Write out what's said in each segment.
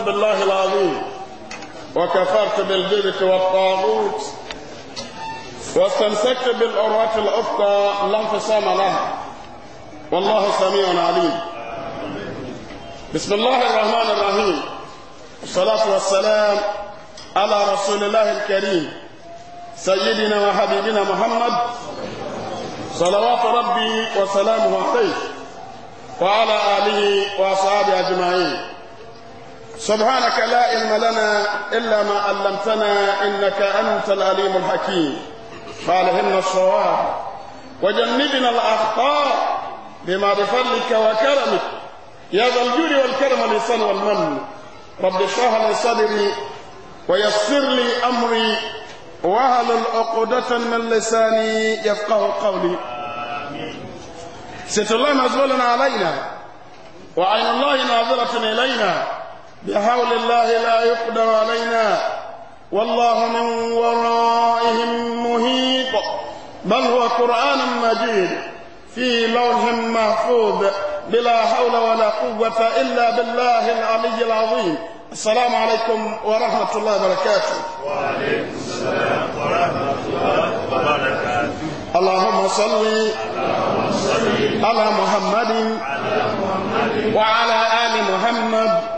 بالله العظيم وكفرت بالجبت والطاغوت واستمسكت بالعروة الأفقى لا انفصام لها والله سميع عليم بسم الله الرحمن الرحيم والصلاة والسلام على رسول الله الكريم سيدنا وحبيبنا محمد صلوات ربي وسلامه عليه وعلى آله وأصحابه أجمعين سبحانك لا علم لنا إلا ما علمتنا إنك أنت العليم الحكيم فالهمنا الصواب وجنبنا الأخطاء بما بفضلك وكرمك يا ذا الجود والكرم لسان والمن رب اشرح لي صدري ويسر لي أمري وهل عقدة من لساني يفقه قولي ست الله مزولا علينا وعين الله ناظرة إلينا بحول الله لا يقدر علينا والله من ورائهم مهيط بل هو قرآن مجيد في لوح محفوظ بلا حول ولا قوة إلا بالله العلي العظيم السلام عليكم ورحمة الله وبركاته وعليكم السلام ورحمة الله وبركاته اللهم صل على محمد وعلى آل محمد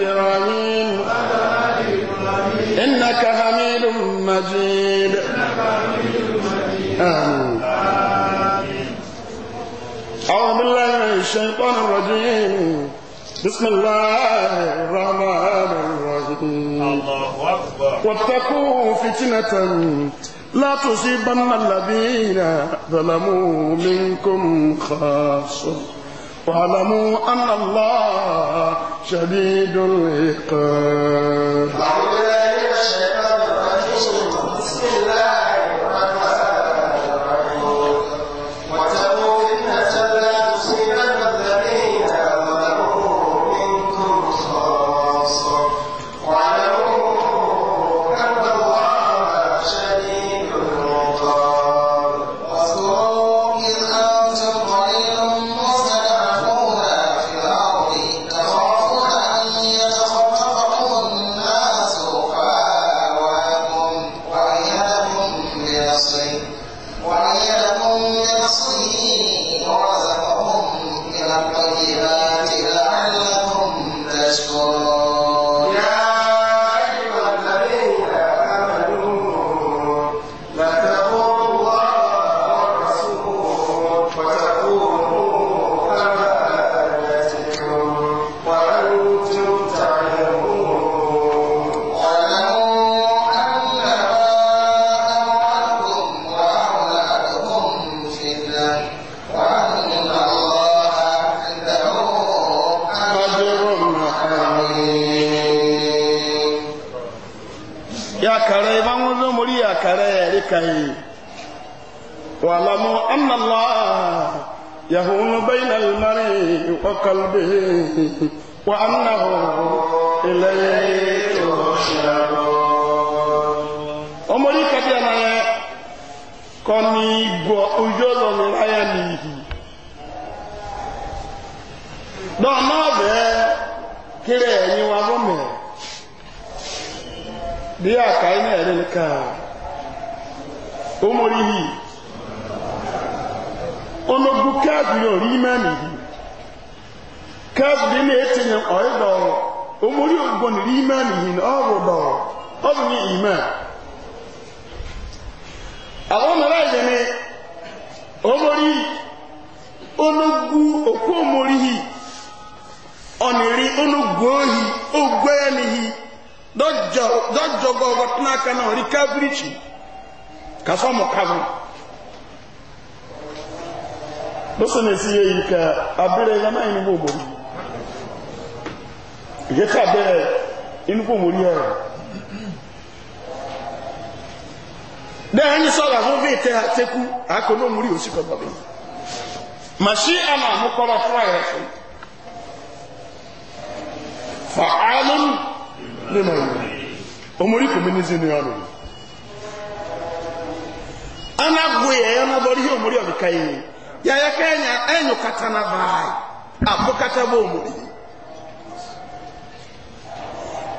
إبراهيم إنك حميد مجيد آمين أعوذ بالله من الشيطان الرجيم بسم الله الرحمن الرحيم الله أكبر واتقوا فتنة لا تصيبن الذين ظلموا منكم خاصة واعلموا أن الله شديد العقاب وأنه إليه تحشرون أمري كتنا كوني بوجود من عينيه dọ́nà bẹ́ẹ̀ kéré ẹ̀yìn wa gómìnà bí àkà iná ẹ̀rẹ́ nìka ó mórí yìí dị na-etinye ọrịdọrọ omori ogbo niri ime n'ihi na ọ ọ bụ nye ime àwọn mẹ́rẹ́ ẹ̀yẹ omori onogu okwu omori hi ọ̀nìrí ohi ya n'ihi dọ́jọgọ ọgọtí n'aka náà ka ìjẹ́ta bẹ́ẹ̀ inú kò mórí ọ̀rọ̀ bẹ́ẹ̀ ní sọ́rọ̀ àwọn bí ìtẹ́ àtẹ́kù àkọlọ́ mórí òsì kọ̀ọ̀bọ̀ bẹ́ẹ̀ mà sí àmà àmúkọ́rọ̀ fún àyẹ̀ fún fàálù nínú ọ̀rọ̀ omori kò mí ní sí ní ọ̀rọ̀ anagwe ẹ̀yọ́ náà bọ́rí omori ọ̀dùkà yìí yàyà kẹ́yìn ẹ̀yìn kàtà náà báyìí àbúkátà bọ́ omori yìí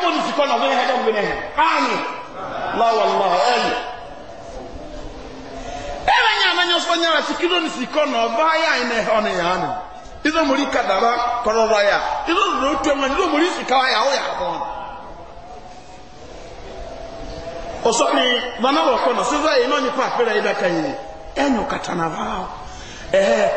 kama ni sikwa na wewe hadamu bene ani la wallahi ali eh? ewa eh, nyama nyoso nyara sikiro ni sikwa na obaya ine hone yani izo muri kadara korora ya izo ro twa ma izo muri sikwa ya o oh, ya bon osoni oh, bana wa kono siza ino ni papira ida kanyi enyu katana vao eh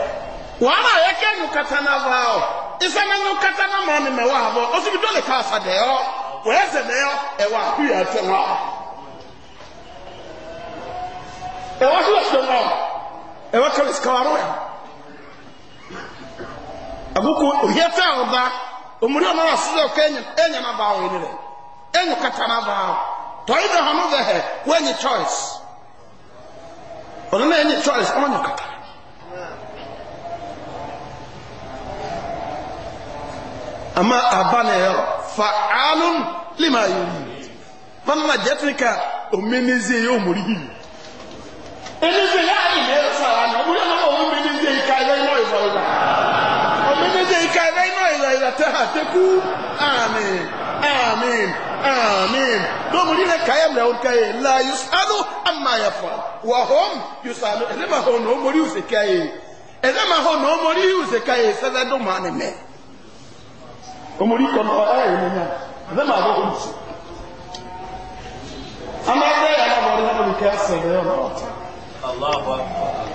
wana yake enyu katana vao isema enyu katana mani mewavo osibidole kasa deo wẹ́ẹ́sẹ̀ náà ẹ̀wà àkúyà ẹ̀fẹ̀ wọn. ẹ̀wà sílẹ̀ sílẹ̀ wọn ẹ̀wà kẹlẹ̀ sikawaro ẹ̀. àbúkù òhìẹ́ fẹ́ ọba òmùdí ọmọ wa sílẹ̀ ọkọ ẹ̀yàn náà bá wọn ẹni rẹ̀ ẹ̀yàn kàtà náà bá choice ọmọ ama fa'alun lima yuri mama jetrika omenize yo murihi enize ya ni me sara na wo na mo omenize ikai ve no izo ila omenize ikai ve no izo ila te ha te ku amen amen amen do muri le kai me o kai la yusalu amma yafa wa hum yusalu ele ma ho no muri usekai ele ma ho no muri usekai sada do ma me omori kɔnɔ ɔyɛ wɔn nyina ɛdɛ maa bɔ wɔn ti ama bɛ yɛ ala bɔre n'abɔ kɛ asɛ bɛ yɛ ɔmɔ ɔtɛ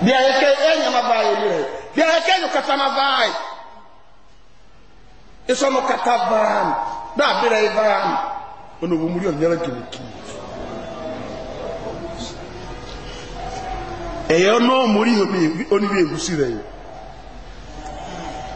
deɛ yɛ kɛ yɛ nyama baa yɛ lɛ deɛ yɛ kɛ yɛ kata ma baa yɛ esɔnu kata baa yɛ baa bɛrɛ yɛ baa yɛ ɔnà wɔn muri ɔnyɛrɛ gɛlɛ kiri ɛyɛ ɔnà wɔn muri yɛ ɔni bi egusi rɛ yɛ.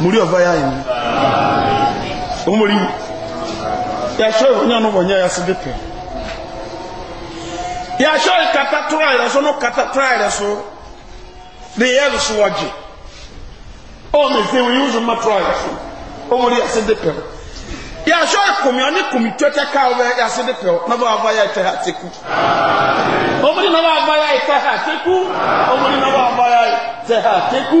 muri ọba ya yi omori yasọ ìwọnyẹ ọnubọnyẹ yasọ dipẹ yasọ ìkata tura yẹrẹ so no kata tura yẹrẹ so de yẹ lusu wọgye ọmọ ẹsẹ wọn yóò zọ ma tura yẹrẹ so omori yasọ dipẹ yasọ ìkumi ọni kumi tó ẹkẹ ká ọbẹ yasọ dipẹ n'ọba ọba ya ẹtẹ ha teku omori n'ọba ọba ya ẹtẹ ha teku omori n'ọba ọba ya ẹtẹ ha teku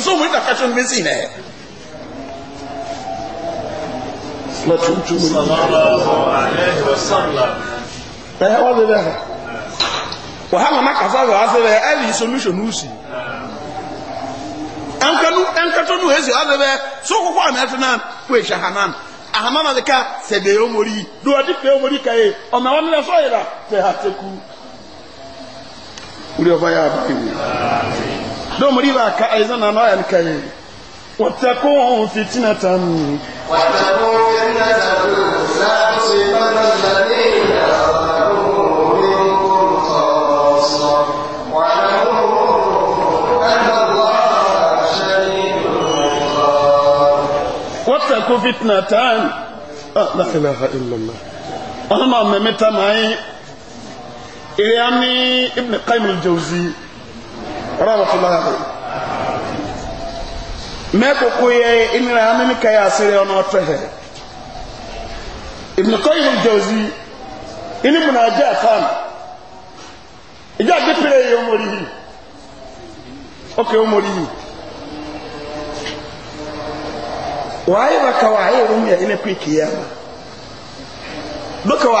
so mo ta kacho ni besi ne la tu tu mo sallallahu alaihi wasallam eh wa de da wa ha ma ka fa wa se be ali solution usi an kanu nu hezi ade be so ko kwa meto na we sha hanan ahama na ka se de yo mori do adi pe yo mori kai o ma won na so ira te ha teku uri oba ya ba ni دومري باكا ايضا انا ينكاي واتقوا فتنة واتقوا فتنة لا تصيبن الذين ظلموا منكم خاصة واعلموا أن الله شديد العقاب واتقوا فتنة آه، لا إله إلا الله أنا ما معي ابن قيم الجوزي rahmatullahi alayhi mẹ́kòkò yẹ ìmìnira amínú kẹyà àṣírí ọ̀nà ọ̀tọ̀ ẹ̀ ìbùnkọ́ yìí ń jọ̀ọ́sí inú bùnà ajé àfáàmù ìjà àgbẹ̀pẹ̀rẹ̀ yìí ọmọ rí yìí ọkẹ́ ọmọ rí yìí wàáyé bàkà wàáyé rúmi ẹ̀ ya kìíyà mà dókè wà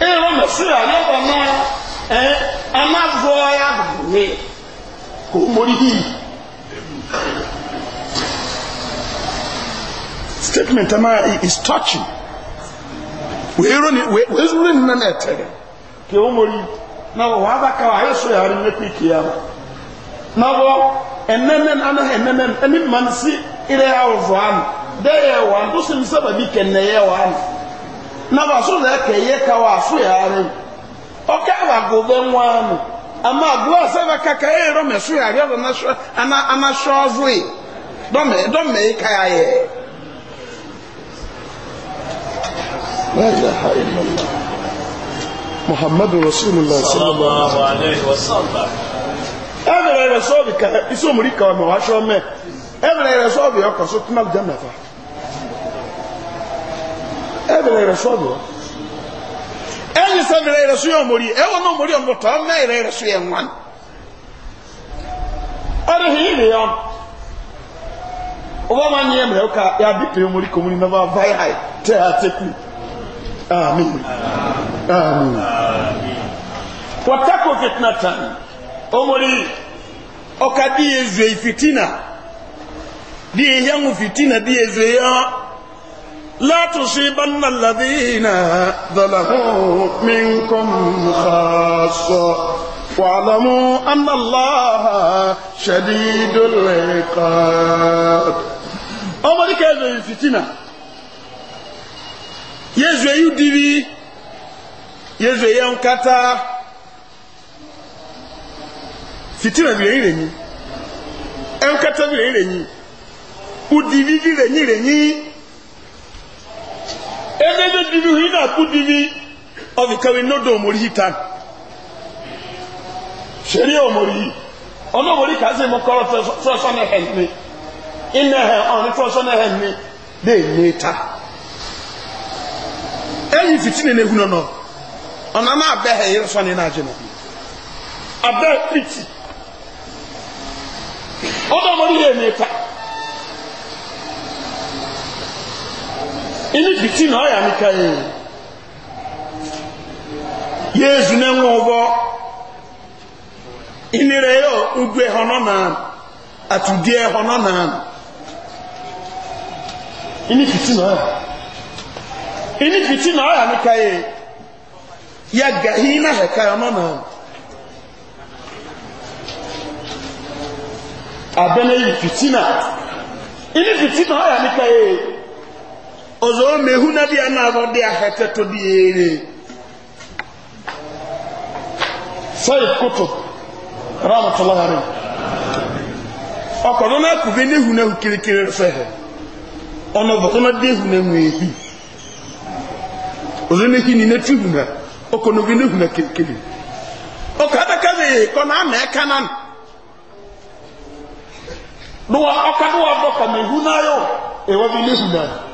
ɛrɔ mɛsira ne ma mɛ ɛ ɛma vɔya ya kò mori hi statement ɛma is touching wɛrɛ na wɛrɛ ni nana ɛtɛrɛ kò o mori na so yare ne kpe na wɔ ɛnɛnɛn ana ɛnɛnɛn ɛni mansi ɛrɛ awɔ vɔ ano dɛ yɛ wɔ ano to sɛ nisaba bi kɛnɛ naba so na ɛkɛ yɛ ka wɔ aso yɛ ara mu ɔka abago bɛ nwa mu ama agbo a sɛ bɛka ka dɔmɛ so yɛ adeɛ dɔmɛ ana ana so ɔzoe dɔmɛ dɔmɛ yi ka yɛ. لا إله إلا الله محمد رسول الله صلى الله عليه وسلم أبرا رسولك اسم ريكا ومواشو أمه أبرا رسولك يقصد ما الجنة فهو ɛbɛrɛ yɛrɛ sɔ do ɛyɛ sɛ bɛrɛ yɛrɛ sɔ yɛ ɔmori ɛwɔ no ɔmori ɔmɔ tɔ ɔmɛ yɛrɛ yɛrɛ sɔ yɛ ŋwan ɔde hi ne yɛ ɔba ma nyɛ mɛ ɔka yabi pe ɔmori kɔmori na ba vai hai tɛ ha tɛ ku amin amin wɔtako fitina tan ɔmori ɔka di yɛ zue fitina di yɛ yɛŋu fitina di yɛ zue yɛ. لا تصيبن الذين ظلموا منكم خاصة واعلموا أن الله شديد العقاب أمر كيف الفتنة يزوي يدري يزوي ينكتا فتنة بيريني ينكتا بيريني ودري بيريني ebebe dibi hu ina ku dibi ọfi kawe nodo omori hitan seri omori yi ọna omori ka se mo kọrọ tọsọ na ẹhẹ ni ina ehe ọni tọsọ na ehe ni na ne taa. ẹyin fiti ne nehu nọ ọna ma abẹ ẹhẹ yẹrẹ sọ ni na agye na abẹ fiti ọna omori yẹ ne taa. ini fiti na ọya nika ya yezu na enwe ụgbọ ya ugwu ehọ nọ na atụdị ehọ nọ na ini fiti na ọya ini fiti na ọya nika yi ya gahi na heka ya nọ na abẹ na yi fiti na ini fiti na ọya nika ozo mehu na dia na abo dia hete to diere sai kutu rahmatullahi alayhi ọkọ̀dọ́ náà kù bí ní ìhùn fehe. kìrìkìrì fẹ́hẹ̀ ọ̀nà na náà dé ìhùn náà na èyí òzú ní kí na. ní tí ìhùn náà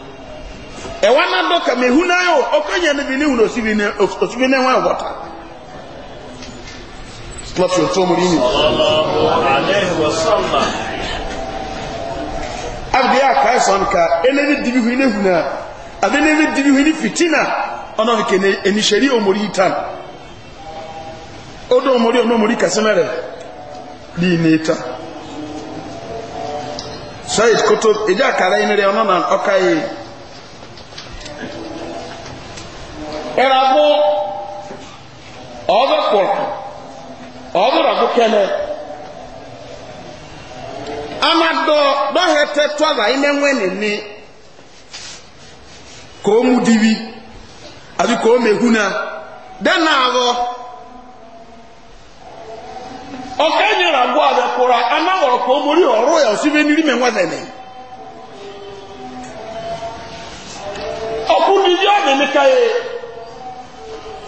ẹwà náà dọkà mehu náà yọ ọkọ yẹn níbi ní ìwúlò òsibí ní wọn ẹwọta lọsí ọtọ mu ní ìlú. abdi aka ẹsọ nka ẹnẹbi dibi hu ní na a àbí ẹnẹbi dibi hu ní fitina ọ̀nà kìkì ní ẹnìṣẹ́rí òmòrí yìí tán ọdọ òmòrí omori òmòrí kàsímẹ́rẹ̀ ní ìní tán. sayid koto ìjà kàrẹ́ yìí ni na ẹ̀rọ abọ́ ọ̀ọ́dọ̀ kpọ̀rọ̀ ọ̀ọ́dọ̀ abọ́ amadọ dọ́hẹ̀tẹ̀ tọ́ba yìí n'enwe nìní kò ó mu diwi àbí kò ó mehu na dẹ́nà àwọ̀ ọ̀kẹ́ nyere abọ́ abẹ́kọ̀rọ̀ anáwọ̀rọ̀ kò ó mori ọ̀rọ̀ yà ọ̀sibẹ́ nírí mẹ́wàá nẹ̀nẹ̀. ọ̀kú ọ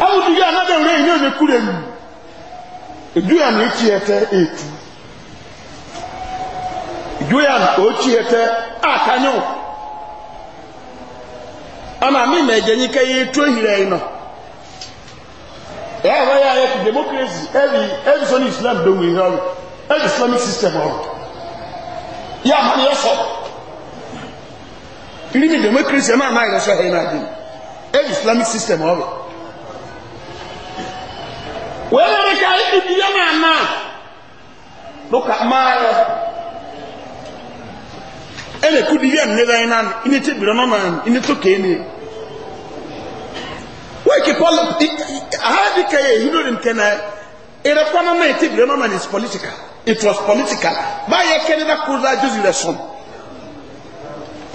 ẹwù dìgbì anábẹ̀wò èyí ní òmèkúrẹ̀ nù ìdúyà ní ìtì ẹ̀tẹ́ ètù ìdúyà ní òtì ẹ̀tẹ́ àkányọ̀ ọmọ mi mẹ̀jẹ̀ ní kẹ́yẹ ètò ìhìrẹ̀ iná ẹ̀yà wọ́n yà ayẹ́ ti democracy ẹ̀rì ẹ̀rì sọ́ni islam dòwò ìhẹ́ ọ̀rọ̀ ẹ̀rì islamic system ọ̀rọ̀ yà á mọ̀ ní ọ̀sọ̀ ìrìmì democracy ẹ̀ máa máa ìrẹsọ̀ ẹ̀yìn náà dì ẹ̀rì islamic system wẹ́rẹ́ ká ibi yẹn máa ma lóka máa yọ ẹnna kú di yẹn nílẹ̀ yẹn náà ẹni tí bìrọ̀ náà náà ẹni tó kéé ni wẹ́ẹ̀kì pọ́lì ahadi kẹyẹ èyí ló rìn kẹ́nà ìrẹ́pọ̀ náà náà ẹni bìrọ̀ náà náà is political it was political báyẹn kẹ́ni náà kó dájú rẹ̀ sùn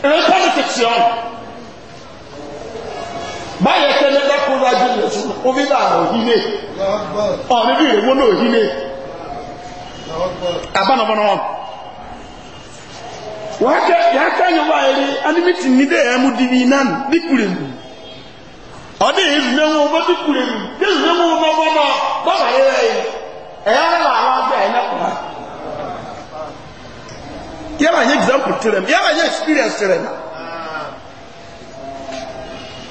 ìrẹ́pọ̀ ni tẹ̀síọ́n báyẹ̀ tẹ́lẹ̀ lẹ́kùn rájú lẹ́sùn ovílà òhìlé ọ̀rẹ́bí ìrèwó náà òhìlé àbánabọ́nà wọn yà kẹ́yìn wá ẹ̀rí anímìtì nídé ẹ̀mú dìbì náà díkùrè mù ọdẹ èyí lẹ́wọ́n bá díkùrè mù yéèzù lẹ́wọ́n bá bọ́ bá bọ́bà yẹ́rẹ́ yìí ẹ̀yà rẹ̀ là wá bẹ́ẹ̀ nẹ́kùnà yẹ́rà yẹ́ example tẹ̀rẹ̀ yẹ́rà yẹ́ experience tẹ̀rẹ̀ náà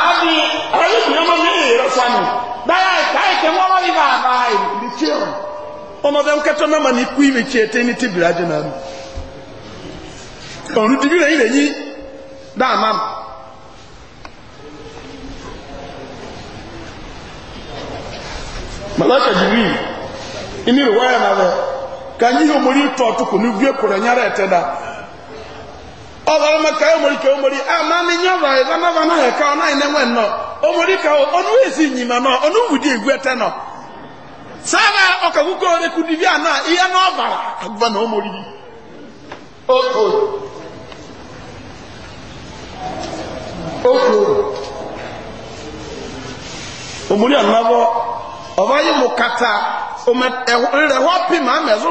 àbí ọ̀rọ̀ yìí ọmọ mi ìrọ̀ sami báyà káyìkẹ́ wọ́n wọ́n yìí bàbá ìbí tí ọ̀ ọmọdé nkẹtọ́ náà mà ní kú ìwé tí ẹtẹ́ ní tìbìrì ajé náà nù ọ̀rùn dìbí lẹ́yìn lẹ́yìn dáàmà malaka jìbìrì ìní ìwáyà náà rẹ̀ kanyí yóò ọzọrọ maka omori ka omori ama ni nyọrọ ịza nọba na ka ọ naghị nenwe nnọọ omori ka ọnụ ezi nyima nọ ọnụ wudi egwu ete nọ sara ọkagwụkọ oreku divi a na ihe na ọbara agụba na omori gị oko oko omori anabọ ọba yi mụ kata ọmọ ẹrẹ hwọpi ma mẹzụ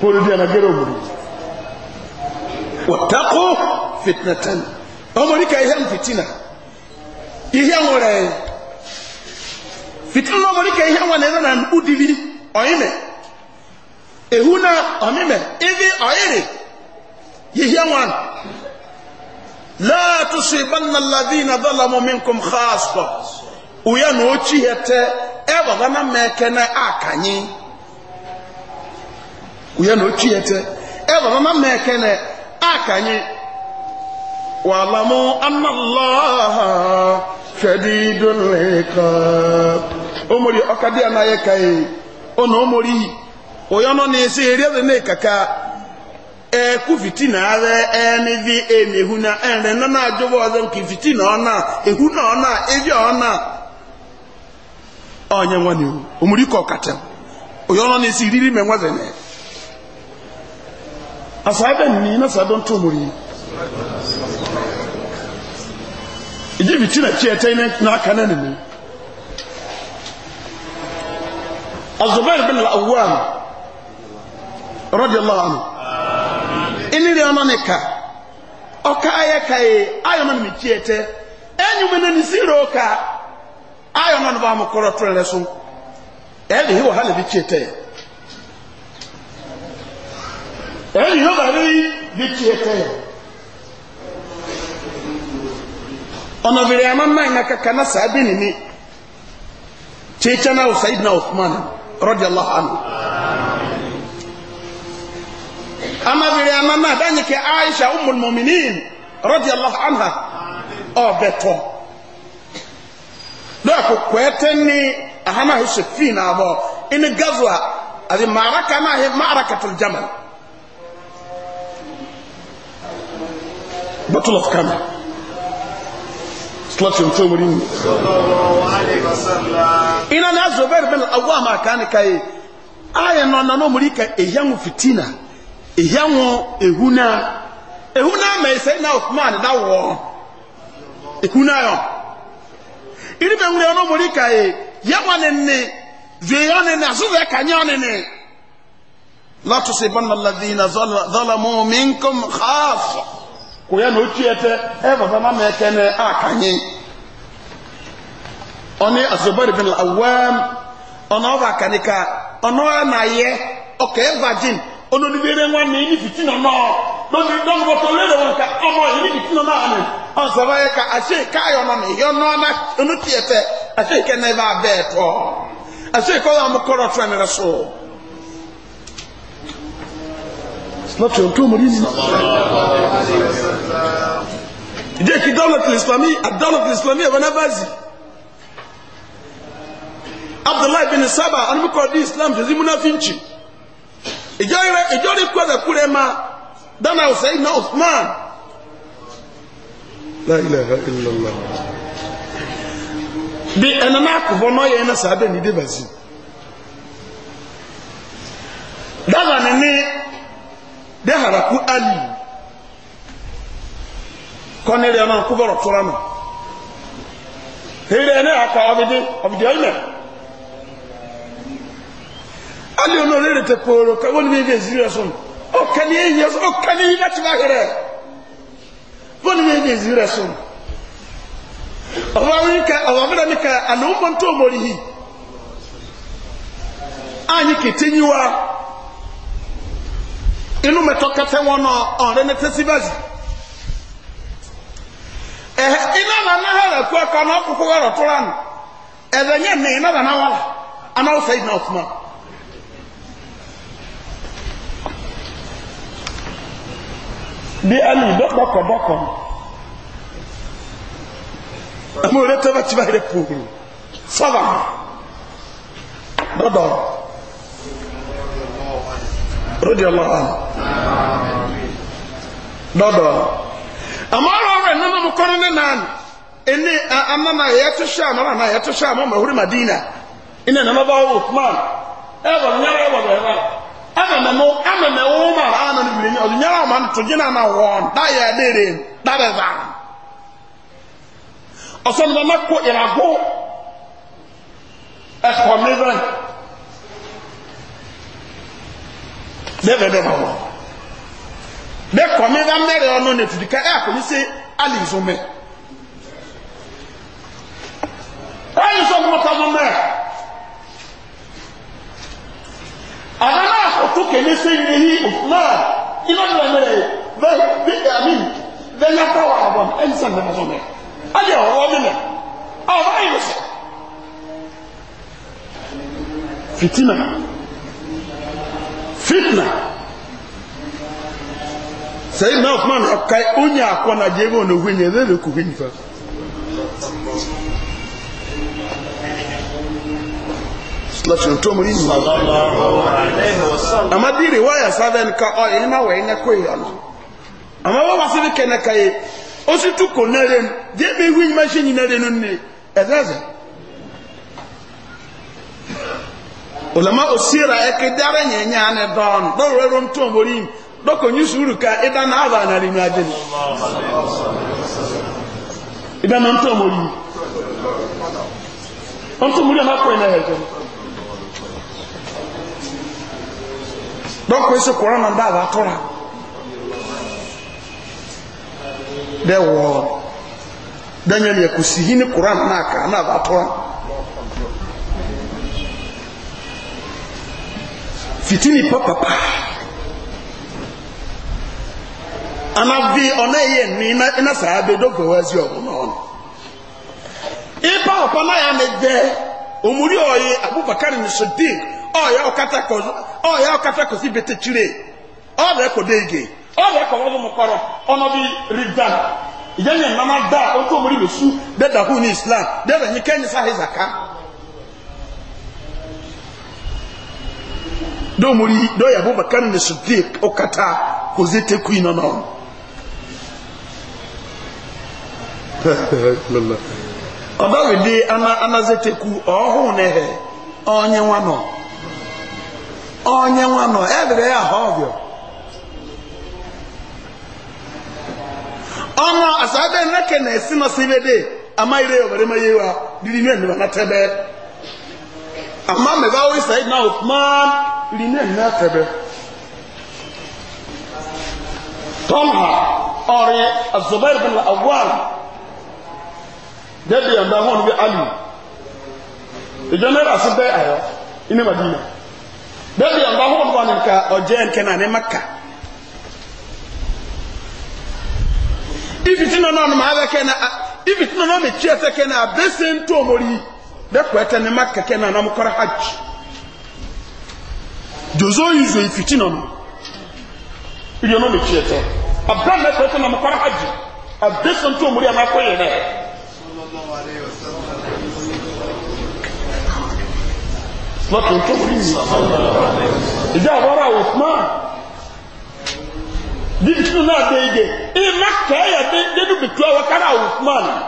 kóòlù díẹ̀ náà gẹ́rẹ́ òmùrù wọ́tàkó fìtìnàtàn ọmọ ní ká ihe ń fìtìnà ihe ń wọ̀rẹ̀ fìtìnà ọmọ ní ká ihe ń wọ̀rẹ̀ náà udiri ọ̀yìnmẹ̀ ehu náà ọ̀mímẹ̀ ibi ọ̀yìnrì ihe ń wọ̀rẹ̀ láàtú sí ìbánná ladínà dọ́là mọ́mínkùm xaasọ̀ òyà nà ó chi hẹ́tẹ́ ẹ̀ bàbá náà mẹ́kẹ́ náà àkànyìn. uya na ochiete eba mama mekene akanyi walamu anna allah shadidul iqab omori okadi anaye kai ona omori oyono ni se ere ne kaka e ku fitina are eni vi emehu na enre na na ajobo ozo ki na ona e ehu na ọna eje ọna. onye nwani omori ko katem oyono ni se riri menwa zene asaada ni na saada nto muri iji biti na kyeta ne na aka na nemi azubair bin al-awwam radiyallahu anhu iniri ona ne ka ọka ayẹ kaye ayọ na mi kyeta enyum na ni zero ka ayọ na ba mu kọrọ tọrọ so ẹbi hi wọ ha na bi kyeta يعني هم هذي بيتيتين أما في الأمام ما إنك كان سعبيني مي تيتنا وسيدنا عثمان رضي الله عنه أما في الأمام ما دانيك عائشة أم المؤمنين رضي الله عنها أو بيتو لأكو كويتني أهما هشفين أبو إن قزوة هذه معركة ما هي معركة الجمل battle of kano slati mtume mwalimu ina na zubair bin awam akani kai aya no na no mulika ehyanwo fitina ehyanwo ehuna ehuna mai sai na uthman da wo ehuna yo iri be nwure no mulika e yamane ne veyone na zuwe kanyone ne la tusibanna alladhina zalamu minkum khafa kòyɛ na otu ɛtɛ ɛfasa e ma mɛkɛ nɛ akanyi ɔne asubari bin awam ɔna ɔba kanika ɔna ɔna yɛ ɔkɛ virgin ɔnodibere nwa na ɛni fiti na ɔnɔ lɔsi dɔn bɔtɔ lɛ wɔn ka ɔmɔ ɛni fiti na ɔnɔ ani ɔnsaba yɛ ka ase kaayɔ na mɛ yɔ nɔ na ɔno tu ɛtɛ ase kɛ na ɛba abɛɛ tɔ ase kɔ yɛ ɔmo kɔrɔ tɔ ɛnɛ so. lọ́tọ̀ tó mú rí ní ìdí kí dọ́lọ̀tì islami àdọ́lọ̀tì islami ẹ̀wọ̀n abázi abdullahi bin saba anumukọ di islam jẹ́ zimuna finchi ìjọ rí kúrẹ̀ kúrẹ̀ ma dana hussein na Osman. la ilaha illallah bi ẹnana akọ̀bọ̀ náà yẹn na sáadẹ̀ ní débàzí dáhà ní ní dehara ku ali kɔnere ɔnɔ ku bɔrɔ tora no ɛnɛ aka ɔbidi ɔbidi ɔyinɛ ali ɔnɔ ɔlere te ka mi ziri ɛso ɔkani eyi ɛso ɔkani eyi bɛ tuma hɛrɛ mi ziri ka mi ka anu mɔri yi anyi kete nyiwa. inú mẹ́tọ́ kẹtẹ́ wọn náà ọ̀rẹ́ ní fesibẹ́sì ẹ̀hẹ́ iná lànà hẹ̀rẹ̀ kú ẹ̀kọ́ náà kúkú ẹ̀rọ tó lánà ẹ̀rẹ̀ yẹn ní iná lànà wà anáwó sẹ́yìn náà fún bí ẹni radiyallahu anhu dodo amara ore na mo kono ne nan ene amama sha amara na yeto sha amama huri madina ina na mabawo usman eba nyara eba do ya ama mo ama na wo ma ana ni bi ni o nyara ma to gina na da da be za na mako lẹ́fẹ̀ẹ́ dọ́nà wọn lẹ́kọ̀ọ́ mi bá mẹ́rẹ̀ ọ́nà ní ètùtù ká ẹ̀ Ali sí alìsùn mẹ́ alìsùn mọ́ta mọ́ mẹ́rẹ̀ àwọn náà òtún kèmí sí ilé yìí náà iná ní wọn mẹ́rẹ̀ bẹ́ẹ̀ àmì bẹ́ẹ̀ yá fáwọn àbọ̀n ẹ̀yìn sàn mẹ́rẹ̀ sọ mẹ́rẹ̀ alẹ́ ọ̀rọ̀ mi mẹ́ àwọn báyìí lọ sọ fitina. fitna sẹ́yìn na fún àwọn onye akwọ na ẹgbẹ́ ọ̀nà òhun yẹn lẹ́lẹ́ fa. lọ́sùn tó mú yìí. àmàdí rìwáyà sábẹ́ ka ọ̀ yìí náà wọ̀ yìí náà kó yìí ọ̀nà. àmà wọ́n wá sí ní kẹ́nẹ́ka yìí ó sì tún olama osira ekidara nyenye ane don dɔwɔrɔ ɛrɔ ntɔn mori dɔkɔ nyi suuru ka ida na ava na ri na deni ida na ntɔn mori ntɔn mori ana kɔɛ na yɛ deni dɔkɔ esi kɔrɔ na da ava tora dɛ wɔ danyɛli ekusi hini kɔrɔ na aka na ava tora. fitini papapa anabi ọna eyi ẹni na saa abe dogo wẹsi ọmọ na ọnà ipa ọpọ náà yà mẹjẹ omuri ọyẹ abubakar nisodin ọyẹ ọkata kọsi ọyẹ ọkata kọsi bẹtẹ kyerẹ ọbẹ ẹkọ deege ọbẹ ẹkọ wọn mu kọrọ ọmọ bi ridan ìyẹn yẹn nana da ojú omuri bẹ su dẹdà hu ní islam dẹdà nyi kẹ́ni sáhẹ́ zaka. do muri do ya abubakar ne siddiq okata ko zete ku ino no ọba wede ana ana zete ku ọhụ na ehe onye nwa nọ onye nwa nọ ebere ya ha ọbịa ọnụ asabe nneke na-esi nọ si bede amaghịrị obere mayewa dịrị ihe nụwa na tebe Ama mai ba wai sayid na usman rinin na tabe talha ọrẹ azubair bin awwal dẹbi yanda hon bi ali ìjọ náírà sí bẹ́ẹ̀ ayọ inú madina dẹbi yanda hon wà nìka ọjẹ́ nkẹ́ náà ní makka ibi tí nọ náà nọ mọ̀ abẹ́kẹ́ náà ibi tí nọ náà mẹ̀ tí ẹsẹ̀ kẹ́ náà abẹ́sẹ̀ ń dẹ́kọ̀ ẹ̀tẹ́ ni mark kẹ̀kẹ́ náà náà kọ́rọ̀ hajj jòzó ìzò ìfìtì nànà ìdí ọ̀nà lè fi ẹ̀tẹ́ abúlé mẹ́kọ̀ ẹ̀tẹ́ náà kọ́rọ̀ hajj àbẹ́sẹ̀ tó mórí àmà kọ́ yẹn náà. lọ́tọ̀ tó mórí mi ìdí àwọ̀rọ̀ àwọn òkúmá dídí náà dé ige ìmá kẹ́yà dédú bìtú àwọn kárà àwọn òkúmá náà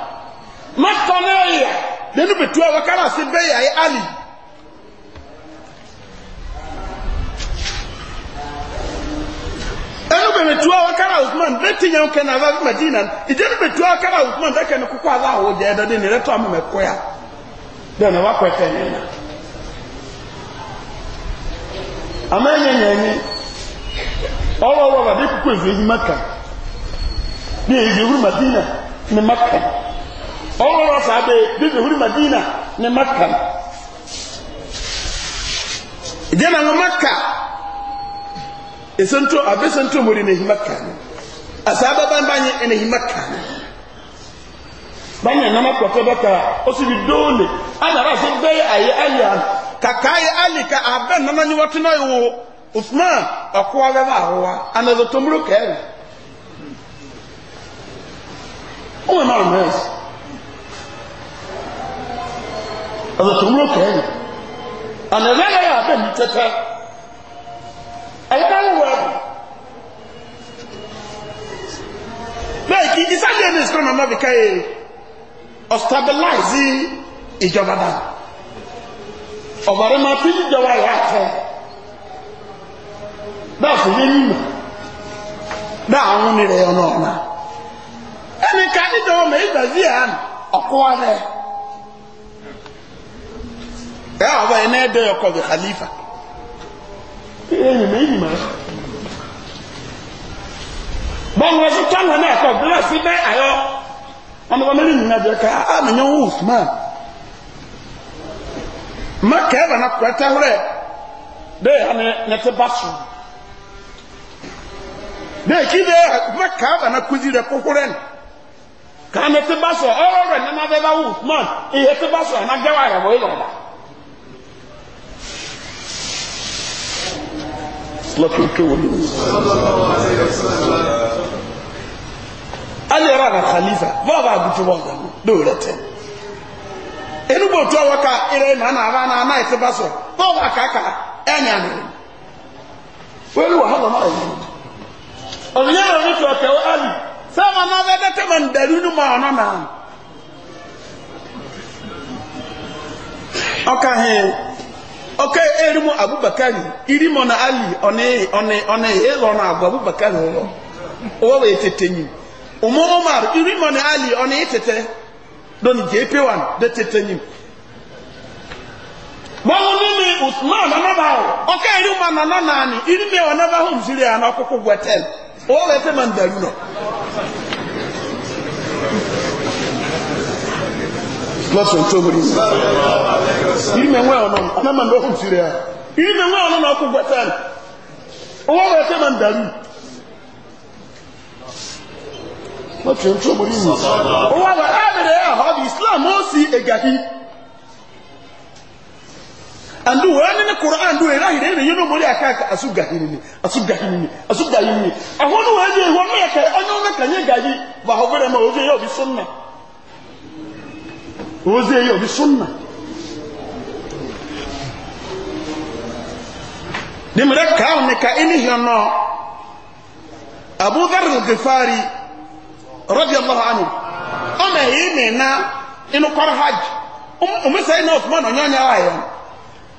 má tọ́ náà yà denu betua wakara ase bɛyɛ ayɛ ali ɛnu bɛ betua wakara osman bɛti nyɛ nkɛ na ava madina idenu betua wakara osman bɛkɛ ne koko ava awo jɛ ɛdɔ de ne yɛrɛ tɔ amɛ mɛ kɔya ni. na wakɔ ɛfɛ ne na ama nyɛ nyɛ nyi ɔwɔ wɔ ba de koko ezu eyi maka de ezu ewu madina ne maka. ọmọ wọn sábẹ bíbí huri madina ní maka ìdíyẹn náà maka esanto abesanto mori na ehi maka asaaba banbanye na ehi maka banya nam akpɔtɔ bɛka ɔsibi doole anara so bɛyɛ ayɛ ayɛ kakaa yɛ ali ka abɛ nana nyi wɔte na yɛ wo usman ɔkoa bɛba awowa anadɔ tomuro kɛɛ ɔmɔ naa mɛs ọ̀dọ̀ tó ń lò kẹ́yìn àná ẹ̀rẹ́ yà bẹ́ẹ̀ ní tẹ́tẹ́ ẹ̀yẹ́ bá wù ẹ̀ bẹ́ẹ̀ kì í sáyé ní ìsìnkú màmá bìkà yìí ọ̀stabilize ìjọba náà ọ̀bọ̀rẹ́ máa fi ìjọba yà tẹ́ bẹ́ẹ̀ fún yé mímọ̀ bẹ́ẹ̀ àwọn onírẹ̀ ọ̀nà ọ̀nà ẹnì kan níjọba mẹ́ ìgbà sí ẹ̀ ọ̀kọ́ rẹ̀. Ya àwọn ẹ̀ náà dẹ́yọ̀ kọ̀ bí khalifa ẹ̀yìn mẹ́yìn mọ́ bọ́ọ̀lù ẹ̀sìn táwọn náà kọ̀ gíláàsì bẹ́ẹ̀ ayọ́ ọmọ ọmọ mẹ́rin nìyẹn jẹ́ ká àmì ah, yẹn wù usman maka ẹ̀ bàná kọ̀ ẹ̀tẹ́ húrẹ́ bẹ́ẹ̀ ẹ̀hán ni ẹ̀ ti bá sùn bẹ́ẹ̀ kí bẹ́ẹ̀ maka ẹ̀ bàná kú jí rẹ̀ kó húrẹ́ ni ká ẹ̀ ti bá sùn ọ̀rọ̀ rẹ̀ nínú abẹ́ bá wù usman ìyẹn ti bá صلاة الكون أنا رانا خليفة بابا قلت بابا دولتين inu bò tó ọwọ́ ká eré nà nà àbá nà àná ètò bá sọ bọ́ọ̀bù ọka erimu iri irimu na ali ọne ọne ọne ịlọ na agwa abubakari ụlọ ụwa wee tete nyi ụmụ iri irimu na ali ọ ọne itete don jp one de tete nyi bọ́ọ̀lù mímí usman anábàáwò ọka erimu anọ nọ naanị irimu ọ̀nàbàáwò nziri ya n'ọkụkụ gwetelu ụwa wee tete ma ndari nọ. lọ́sọ̀ ìtòmùrí ìrìnàwó ọ̀nà anamà ní ọkùn tìrẹ̀ ìrìnàwó ọ̀nà ní ọkùn gbẹ̀tà owó ọ̀rọ̀ ẹ̀tẹ́ máa not dàrú lọ́sọ̀ ìtòmùrí mi owó ọ̀rọ̀ ẹ̀bẹ̀rẹ̀ ẹ̀họ́ bí islam ó sì ẹ̀gàdí andu wọ́n ní kúrò andu ẹ̀rọ ahìrẹ́ ẹ̀rẹ́ yóò mórí àkáàkà asúgàhìnì ni asúgàhìnì ni asúgàhìnì ni àwọn ọ̀nà wọ́n yẹ ìwọ́n mẹ́ẹ̀kẹ́ ọ̀nà ọ̀nà kàn yẹ gàdí wàhùn fẹ́rẹ̀ وزي يوم السنة نمرك كونك إليه أنه أبو ذر الغفاري رضي الله عنه أما يمينا إنه قرى حج أم سيدنا عثمان ونعنى آية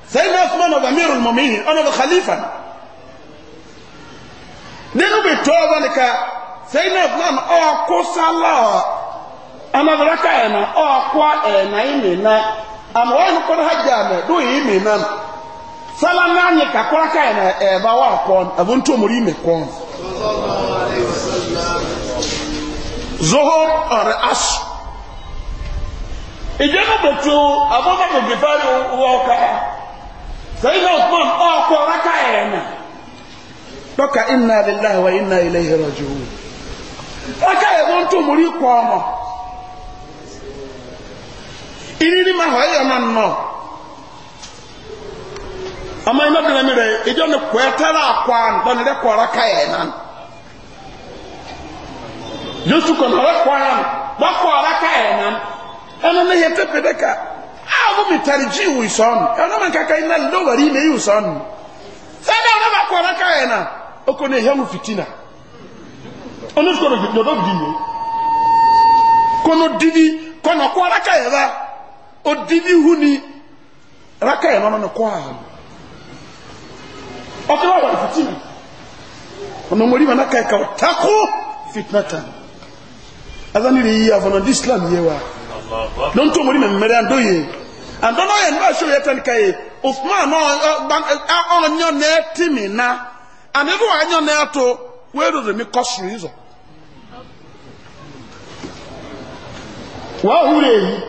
سيدنا عثمان وأمير المؤمنين أنا بخليفة نحن بتوضى لك سيدنا عثمان أو أكو الله amadaraka ɛna ɔkwa ɛna imina amawɔ yi na ha gyaame do yi ime na. sala na kakora ka na ɛba wa kɔn ɛbo ntu omori ime kɔn zohor ɔre as ìjẹ́nu bẹ̀tù abọ́dọ̀ bẹ̀bẹ̀fà wọ ọ̀ka sẹ́yìn náà osman ọ̀kọ́ ọ̀raka ka ị inna lillahi wa inna raji'un ntu omori iriri ma hɔn yɛn ma nɔ ama ina dana mi rɛ idɔ ne kɔɛ tɛra akwan dɔn ne de kɔra ka yɛ nan yesu kɔn hɔrɛ kwan ba kɔra ka yɛ nan ɛna ne yɛ tepe de ka a ah, ko mi tari ji wu sɔn ɛna ma kaka ina lɔ wari mi wu sɔn sɛbɛ ɔna ba kɔra ka yɛ nan o ko ne mu fitina ɔno sɔrɔ yɔdɔ bi mi kɔnɔ didi kɔnɔ kɔra ka yɛ ba. odidi huni raka yɛ nɔnɔ ne kɔ aham ɔtɔlɔ wɔ fitini ɔnɔ mori ma naka yɛ ka ɔtako fitinata azani de yi afɔnɔ di islam yɛ wa lɔn tó mori ma mɛrɛ ando yɛ ando n'oyɛ n'o yɛ so yɛ tɛni ka yɛ usman ɔnyɔ n'ɛ na ani do anyɔ n'ɛ to wɛrɛ de mi kɔ su yi zɔ hure yìí.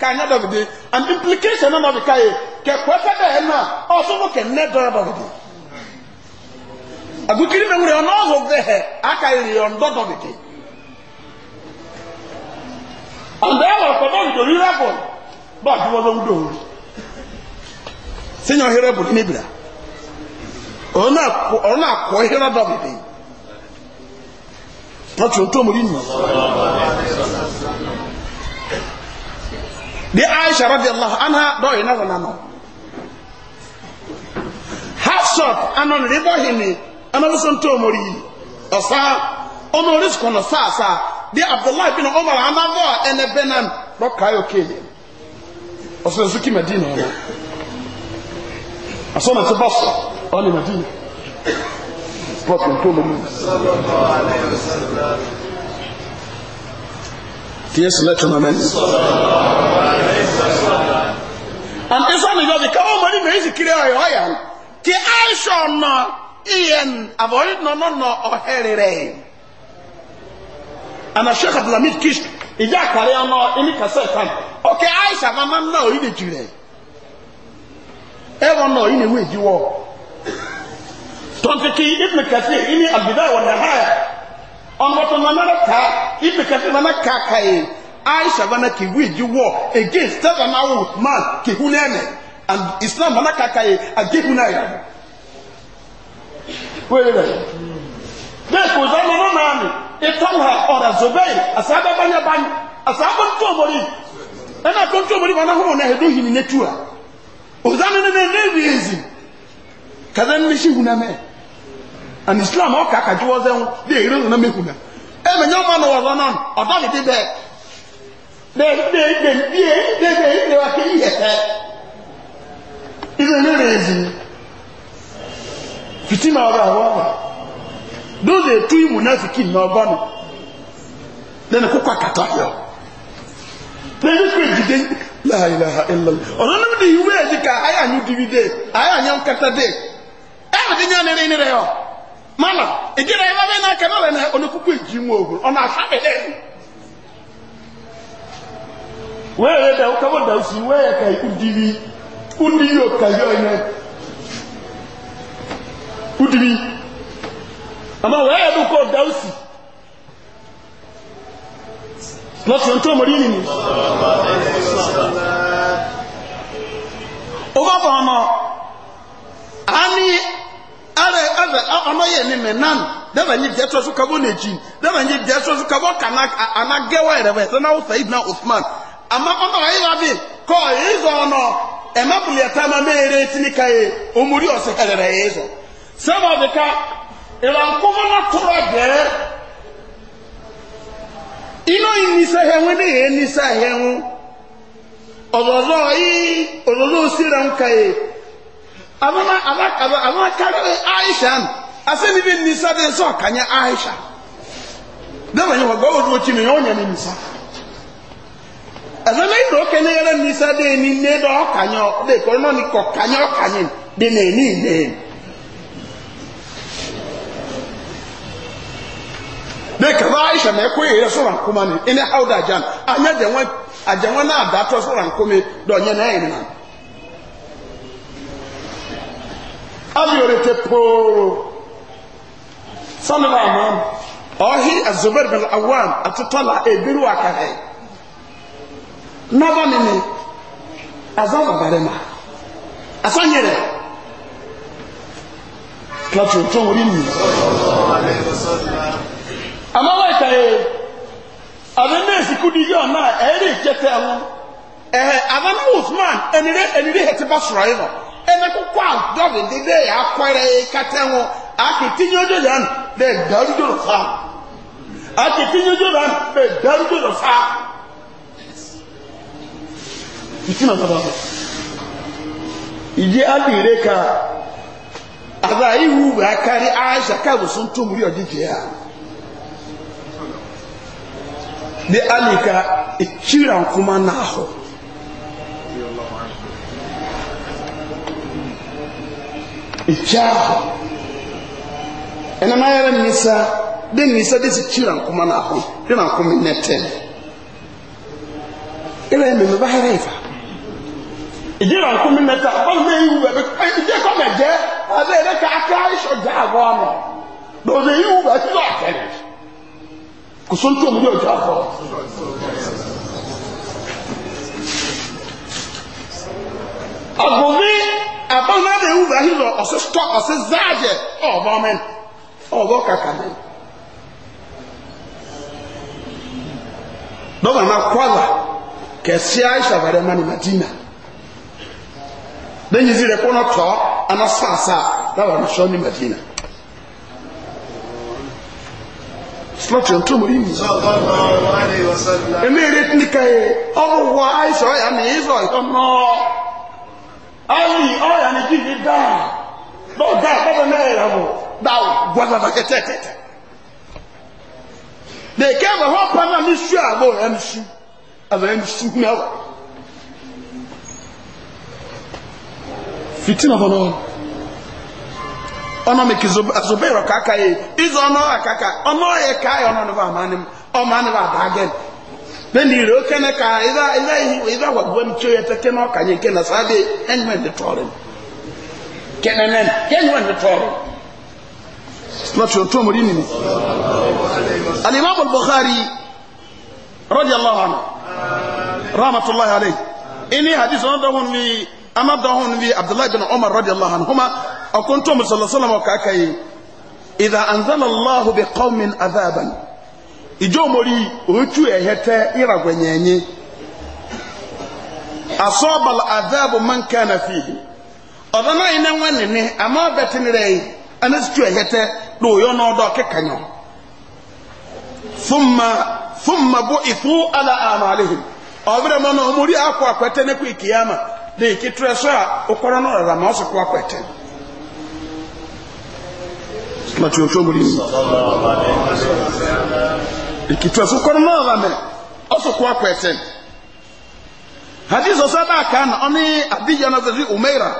kanya dɔbidi and implication na bi ka ye kɛ kɔfɛ bɛ yen nɔ ɔsɔfɔ kɛ nɛ dɔrɔ dɔbidi agukiri mi wuli ɔnɔ bɛ hɛ aka yiri ɔn dɔ dɔbidi ɔndɛ yɛ wɔ kɔdɔ ndo rira bɔ bɔ adi wɔdɔ ndo wuli sɛnyɛ ɔhɛrɛ bɔ ne bila di aisha radiyallahu anha dɔ yi nɔrɔ nanɔ hapshot anɔn ribɔ hini anabosan tó mori ɔsa ɔmɔ orísun kɔnɔ sáàsá di abdullahi bin umar anabɔ ɛnɛ bɛnan dɔ kaayɔ kéye ɔsɛ zuki madina medina asɔna na bɔsɔ ɔni madina bɔsɔ tó mori. tí yéṣu lẹ́tọ̀ náà mẹ́ni. and isa ni yọbi ká ọmọ ní mẹ́rin sì kiri ọ̀yọ́ ọ̀yà tí aisha ọ̀nà ìyẹn àbọ̀yìn nọ̀nà nọ ọ̀hẹ́rì rẹ̀. ana sheikh abdulhamid kish ìjà àkàrẹ́ ọ̀nà ẹni kàṣẹ́ kan ọ̀kẹ́ aisha mama náà oyin lè jìrẹ̀ ẹ̀wọ̀n náà oyin lè wé ìdíwọ́. tontiki ibn kathir ini albidaya wa nahaya ọmọtọ nana ka ibi kẹsẹ nana ka ka yi aisha bana ki di wọ against tẹsán náà wò man ki hu nẹẹmẹ and islam nana ka ka yi agehu náà yà wẹẹrẹ rẹ bẹẹ kò náà mi ha ọ̀rọ̀ zọbẹ́yì àsáábẹ́ bányá bányá àsáábẹ́ tó ẹnna tó tó bana hóun náà yìí ni kàdé hu náà mẹ́ẹ̀. and islam ọkà ka zẹ́wọ́n dé èrè na mẹ́kùnà ẹ̀mẹ̀ ní ọmọ náà ọ̀rọ̀ náà ọ̀dọ́ mi ti bẹ́ẹ̀ dẹ́ẹ̀dẹ́ẹ̀dẹ́ẹ̀dẹ́ ihe kí yẹ ẹ́ ilé ní rẹ̀ èzì fìtínà yọ lẹ́nu kó ìdíde láàyèláha ẹ̀lọ́ ọ̀rọ̀ mana ịdịrị ebe ebe na ọrịa na onye eji nwa ogoro ọ na-asa bede wee ya da ụka usi wee ya ka udiri udiri onye ama wee ya usi ntọ mọrị ili ni ụgbọ ara ara ọmọ yẹn ni mẹ nan dẹbẹ nyi bìjẹ tọsọ kabọ n'ekyi dẹbẹ nyi bìjẹ tọsọ kabọ kana anagẹwà yẹrẹ bẹ sẹni awo sayidina usman ama ọmọ ayé wa bi kọ èyí zọ ọnà ẹmẹ bùlẹ tàmà ka omori ka nisa nisa àwọn alákàbọ̀ àwọn akárẹ́ aisha nù asẹ́ni bí nìsa dé aisha dẹ́wọ̀n yẹn wọ́n gbọ́ wọ́n dúró tí mi yẹn wọ́n yẹn ní nìsa ẹ̀sẹ̀ lẹ́yìn lọ́ọ́ kẹ́ni yẹn nìsa dé ní ní dọ́ kanyọ dé kọ́ náà aisha nkume ajan anya abiorete pooro sanaba e, ama ɔhi azubair bin awan atotɔla ebiru akahɛ naba mimi azaba barima asanyere kilasi otun wuli mi amawa ita ye abe nurse kudi yi ɔna ɛyɛ de kyɛtɛ ho ɛhɛ abanu usman enire enire hɛtɛ sɔrɔ yi lɔ. ɛnɛ kɔkɔ adɔbi de de akɔrɛ yi kata ŋɔ akiti nyojo yan de dari do fa akiti nyojo yan de dari do fa ìtumọ̀ bàbá bọ̀ ìdí adìrẹ ka àbá ihu bàá kárí aisha káàbùsùn tó múrí ọdí jẹ à ní alìka ìkírà nkúmá náà hàn. ikyaho ɛnam ayɛrɛ nnisa de nnisa de si kyira nkoma no aho de na nkoma nnɛtɛ ɛrɛ mmemme me hɛrɛ ifa ìdíra nkumi mẹta ọlọmọ eyi wù bẹbẹ ìdí ẹkọ mẹjẹ ẹbẹ ẹbẹ ká ká iṣọ já àgọ ọmọ lọdọ eyi wù bẹbẹ tí wọn àtẹnẹ kò sọ ntọ́ omi ní ọjọ́ àgọ abọ́n náà lè wúwo ahírò ọ̀sẹ̀ stọ́ ọ̀sẹ̀ záàjẹ̀ ọ̀bọ mẹ́n ọ̀bọ kàkà mẹ́n. dọ́gba náà kwala kẹsí aisha bàrẹ̀ mani madina lẹ́yìn zi rẹ̀ kó náà tọ́ ana sàásà dábàá náà sọ́ ní madina. slọ́tì ọ̀tún mú yìí. ẹ̀mí rẹ̀ nìkan yìí ọ̀rọ̀ wọ aisha ọ̀yà mi yìí sọ̀ ìtọ́ náà. ayi ọya ni jí ní dáa lọ́ọ̀ dáa bọ́bọ̀ náà yẹra wọ̀ dáa gbọ́dọ̀ kẹtẹ́kẹtẹ́ dèké wọ̀ họ́ pa náà ní su àbọ̀ ẹ̀ ń su àbọ̀ ẹ̀ ń su náà wà. fitina bọ̀ náà ọnụ mi kì zobẹ́rọ̀ kàkà yìí ìzọ̀ ọ̀nà ọ̀yà bendi ro kene ka ida ida ida wa bwem choya ta keno ka nye kena sade enwe de tore kene nen enwe de tore slatu to mo rini al imam al bukhari radiyallahu anhu rahmatullahi alayh ini hadith on don mi ama don mi abdullah ibn umar radiyallahu anhuma akuntum sallallahu alaihi wasallam ka kai idha anzala allah biqaumin adhaban ijo mori otu ehete iragwenyenye asabal adhabu man kana fihi odana ina wanene ama betinire anastu ehete do yo no do kekanyo thumma thumma bu'ithu ala amalihim obre mono mori akwa akwete ne kwikiyama de ikitreso a okoro no rara ma osokwa akwete Matuyo shomuri. Sallallahu alaihi wasallam. ikitua so kɔn mu aba mɛ ɔso kɔ akɔ ɛtɛn hadith ɔsɛ baa kan ɔne abidjan ɔsɛ umeira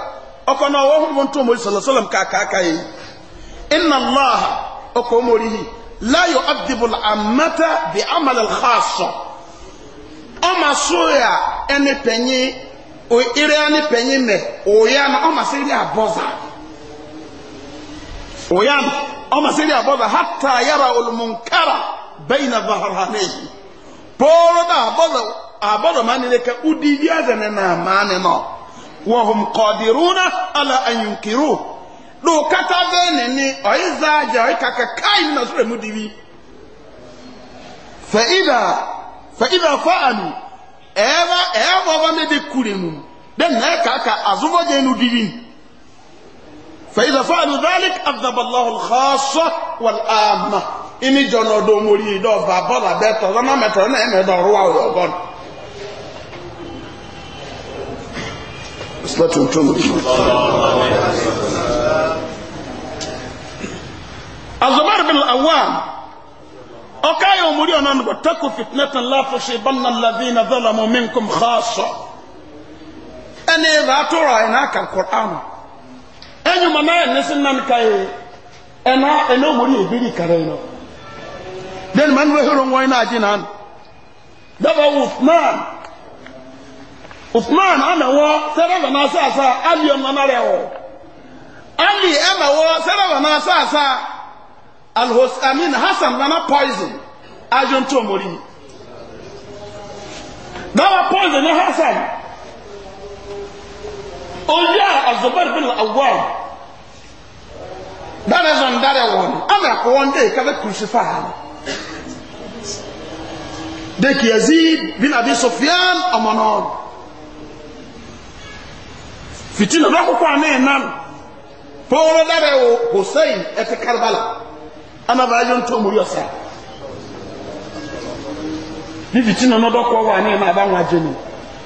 ɔkɔ na ɔwɔ ɔhɔn tó mo sɔlɔ sɔlɔ mu kaakaaka yi inna allah ɔkɔ mo rihi laayo abdibul amata bi amalal khaaso ɔma soya ɛne pɛnyi o irea ne pɛnyi mɛ oya na ɔma se ri abɔza oya na ɔma se ri abɔza bẹ́yìn náà fàhàrà hàn èyí pọ́ọ́rọ́ náà àbọ̀dọ̀ àbọ̀dọ̀ máa nílé ká ó di yíyá dẹ̀ nínú àmà nínú wọ́n hùm kọ́ọ̀dìrú náà àlà àyùnkìrú ló kátà bẹ́ẹ̀ nìní ọ̀yí záàjà ọ̀yí kàkà káyì náà sọ̀rọ̀ mú dibi. fẹ̀yìdà fẹ̀yìdà fáàlù ẹ̀ẹ́wà ẹ̀ẹ́wà ọba mi di kúrè nù dẹ́n náà kàkà àzúbọ̀jẹ̀ nù dibi فإذا فعلوا ذلك أذب الله الخاصة والآمة إني جنو دو موري دو بابا بيتا زما متنا إما دو روا ويوغون صلاة الزبير بن الأوام يوم أموري أنا نبتكو فتنة لا تصيبن الذين ظلموا منكم خاصة أني ذا ترى هناك القرآن enyuma na ene sin nan kai ena eno muri ebiri kare no den man we horo ngoi na jinan daba uthman uthman ana wo sara na sa sa ali on na rewo ali ema wo sara na sa sa al husamin hasan na poison ajon to muri daba poison hasan onye oh, azubar bin awam dare zan dare won ana ko wonde kabe be crucify hali de ki yazid bin abi sufyan amanon fitina do ko ane nan polo dare wo hussein et karbala ana ba yon to muri osa ni fitina no wa ni ma ba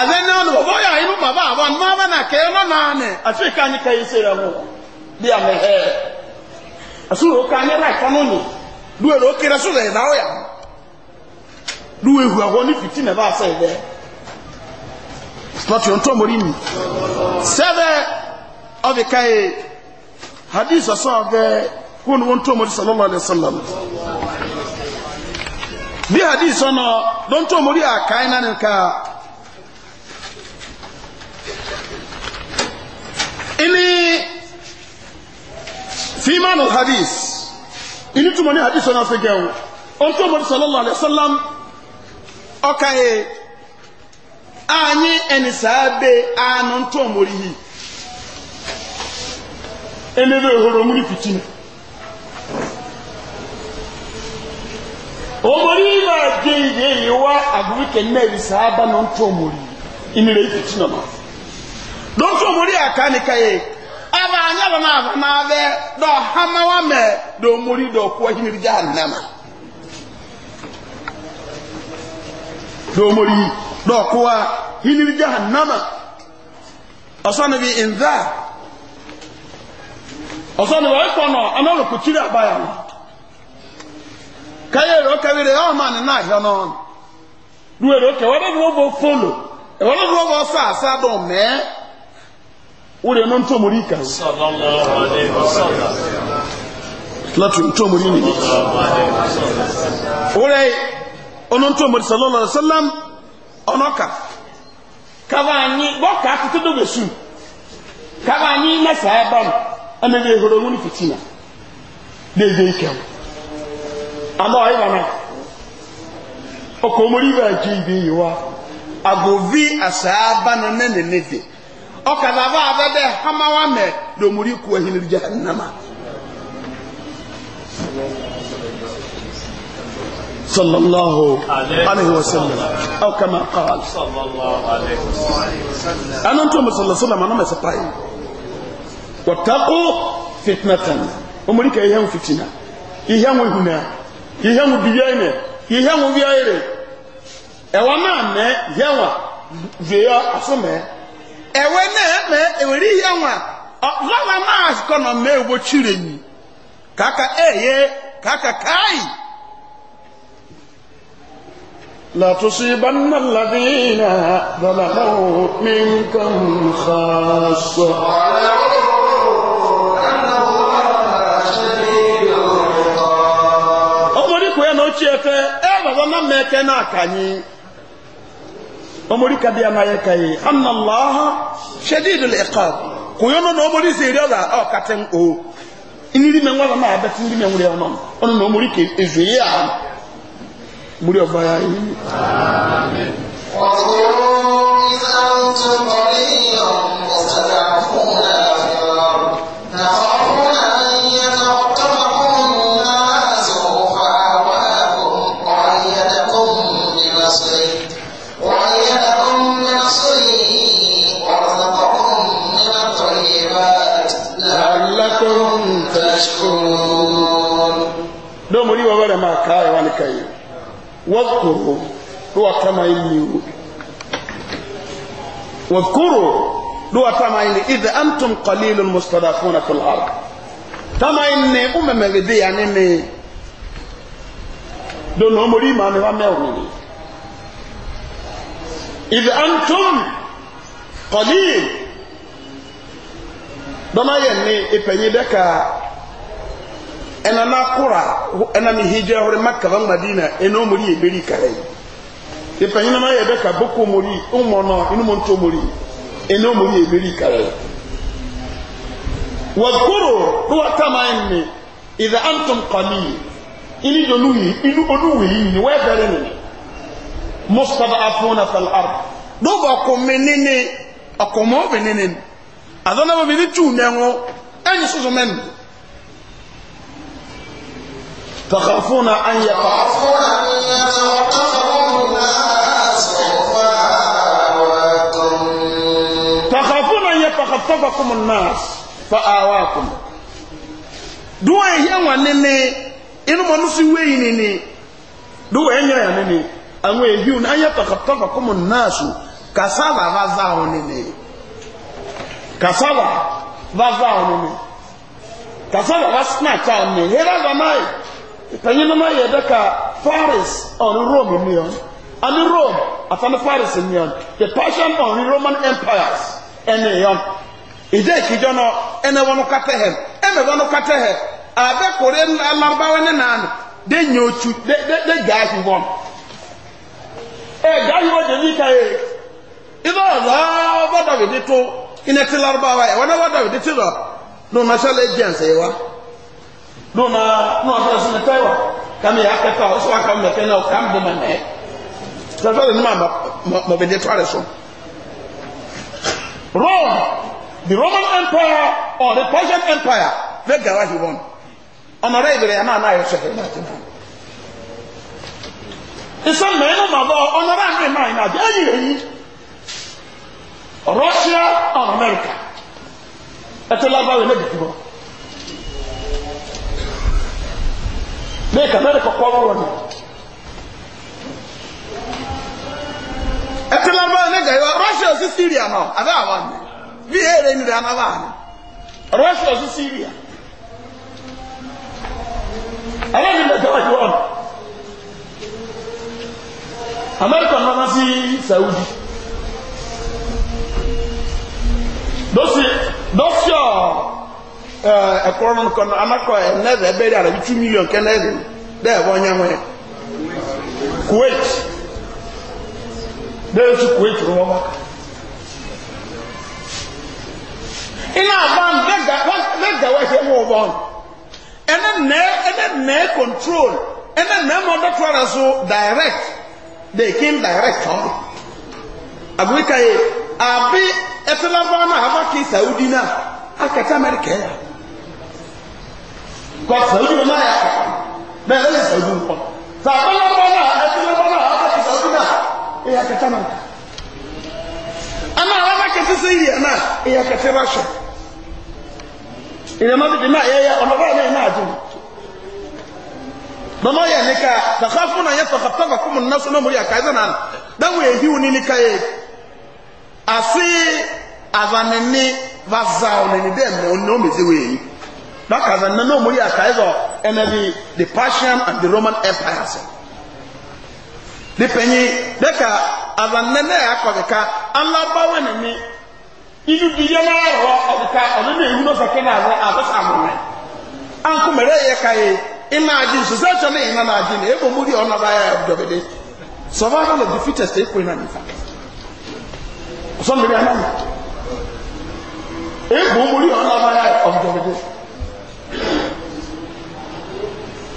azɛnɛ ɔnu bɔbɔ yà inú bàbá àwọn ọmọ bá nà kẹyọ náà nà nẹ àti kàní kẹyì sí rẹ wò bí àmì hẹ àsúwò ká ní láìpẹ́ nù ní lúwẹ̀ ló kéré sùn lẹ̀ náà yà lúwẹ̀ hu àwọn ní wọn tó ini fi manu hadis ini tuma ni hadis ona fi gẹun on tó mọ̀ sallallahu alaihi wasallam ọka anyi ẹni sáábẹ anu tó mọ̀ yìí ẹni bẹ horo mu ni fitina omori ma de iye yi wa agbori kẹ nẹri sáábà na tó ma. don so mori aka ni kaye aba anya ba ma ma be do hama wa me do mori mori wa bi inza asana wa ko ya kaye ro ka wire o na hyo no duwe ro ke wa do bo follow e wa do bo sa sa wúrẹ̀ ọ̀nà tó mú rí ìkà láti tó mú rí nìyí wúrẹ̀ ọ̀nà tó mú rí sọlọ́lọ́ sọlọ́m ọ̀nọ́kà kaba anyi bọ́ọ̀kà tuntun tó bẹ̀ sùn kaba anyi mẹ́sà ẹ̀ bá mu ẹ̀mẹ́ ní ehoro wọn ní fìtínà ní ìkẹwò àmọ́ ọ̀yẹ́ náà ọkọ̀ mú rí ìwà ìbí yìí wá àgòvì àṣà bá nọ nẹ́nẹ̀ nẹ́dẹ̀ẹ́ ọkàdàbà abẹ́dẹ hamawa mẹ lomori kú ẹ̀hìn jahannama. صلى الله عليه وسلم أو كما قال صلى الله عليه وسلم أنا أنتم صلى الله عليه وسلم أنا ما سبعين واتقوا فتنة أمريكا يهون فتنة يهون هنا يهون بيانا يهون بيانا ẹwà náà mẹ yẹwà vèyà asọmẹ ewe na-eme ewere ihe nwa lọwa maazị kọnọ mee gbochiri enyi ka aka eye ka aka kai لتصيبن الذين ọmọdé na ó tiẹ̀ fẹ́ ẹ bàbá má na omori kadi anaye kai anna allaha shadidul iqab kuyono no omori serio la o katen o iniri me ngwa ma abeti iniri me ngure ono ono no omori ke ezuye a muri oba ya yi amen wa qulu in antum qalilan kama kaya wani kai wadhkuru duwa kama inni wadhkuru duwa kama inni idha antum qalilun mustadafuna fil ard kama inni umma bidhi yani me don omori ma ne wa mewni idha antum qalil dama yenni ipenyi deka ɛna n'akora ɛna ne hijira hore makaba madina ɛna omori eberi kare ìpanyinna ma yɛ bɛ ka boko omori ɔmɔnɔ ɛnum ntɔ omori ɛna omori eberi kare wakoro do wa kama ɛnni ìdá antom kɔni ɛni donu yi ɛnu onu wuli yi wɛ bɛrɛ nini mustapha afuna fal ar do ba ko menene ɔkɔmɔ menene adanababi ni tu nɛŋo ɛni soso mɛni. تخافون أن يتعصركم تخافون أن يتخطفكم الناس فآواكم duwa ihe nwa nene inu mo nusi weyi nene duwa enye ya nene anwe ehiu na anya takatafa kumu nasu kasala vaza ho nene kasala vaza ho nene kasala vasna cha nene hera zamai panyin no yɛ dɛ ka faris ɔne rome nnuan ane rome afane faris nnuan the persian ɔne roman empires ɛne yɔn ìjẹ́ ìkìjọ́ náà ɛnɛ wọn kata hɛ ɛnɛ wọn kata hɛ abɛ kore larubawa ne nan de nye otu de de de gaa yi wɔn ɛ gaa yi wɔn jɛbi ka ye ibà ɔlọ́ọ̀ bọ́dọ̀ bi di to ìnɛtí larubawa yɛ wọn bọ́dọ̀ bi di ti lọ lọ́nà sálẹ̀ jẹ́ nsẹ̀ yẹ wa. No, na na ɔsɛ ɔsɛ ne taiwa kame yɛ akɛta ɔsɛ waka mɛkɛ na ɔka mbɔ ma nɛ sɛfɛ de nima ma ma bɛ de tɔre so rome the roman empire or the persian empire bɛ gawa hi wɔn ɔnɔrɛ ibere yɛn a na ayɛ sɛ ɛyɛ na ti bu nsɛm mɛn no ma bɔ ɔnɔrɛ ahwɛ maa yi na adi ayi yɛ yi russia and america ɛtɛ labawe ne bi ti bɔ bẹ́ẹ̀ kà mẹ́rin kọ̀kọ́ wọ́n ni ẹtí lábọ́ ní gẹ̀yọ́ russia sí syria náà abẹ́ àwọn ni bí èrè ní rẹ̀ anáwà ni russia sí syria ẹlẹ́yìn lẹ́jọ́ wájú wọn amẹ́ríkà náà wá sí saudi dọ́sí dọ́sí ọ̀ ɛkoro no kɔnɔ anakɔ ɛnɛzɛ ɛbɛri arabi two million kɛnɛzɛ dɛ ɛbɔ nyamɛ kuwait dɛ esu kuwait no wɔn maka ina aban bɛga bɛga wɔhɛ wɔ wɔn ɛnɛ nɛɛ ɛnɛ nɛɛ control ɛnɛ nɛɛ mɔ dɔtɔ ara so direct they came direct ɔn agbe ka ye abi ɛtɛlɛ bɔ na aba ke saudi na akɛtɛ amɛrika yɛ kọ sẹ́wọ́dún mi náà yà kọ̀ bẹ́ẹ̀ lẹ́yìn sẹ́wọ́dún kọ́ sàbẹ́lẹ́bọ́ náà ẹ̀sìnlẹ́bọ́ náà ọ̀tọ̀ sẹ́wọ́dún náà ẹ̀yà kẹta náà ama àwọn akẹ́kẹ́ sẹ́yìn yẹn náà ẹ̀yà kẹta náà sọ ìrẹ̀mọ́ bíbí náà yẹ ọ̀nà báyìí náà náà dùn mama yɛ nika takafu na yɛ tɔkatɔka kɔmu nasu na mori akaa ɛdana dawo ehiw ni nika yɛ asi avanini vazaw nini dɛ mɛ ɔnɔ mɛ se wo eyi. Dọkas na nne n'omuli aka ịzọ enebi the Persian and the Roman empires. Dipenyi dịka aza nne na ya akọdịka alabawe na mi ilu ihe na-aghọ ọdịka ọdị na-ewu n'ofeke na-azụ azụsa amụrụ. Ankụ mere ya ka ya ị na-adị nso sị achọ na ị na-adị na ebe omuli ọ naba ya dọbede. Survival of the fittest ekwe na nifa. Ọsọ mmiri anaghị. Ebe omuli ọ naba ya dọbede.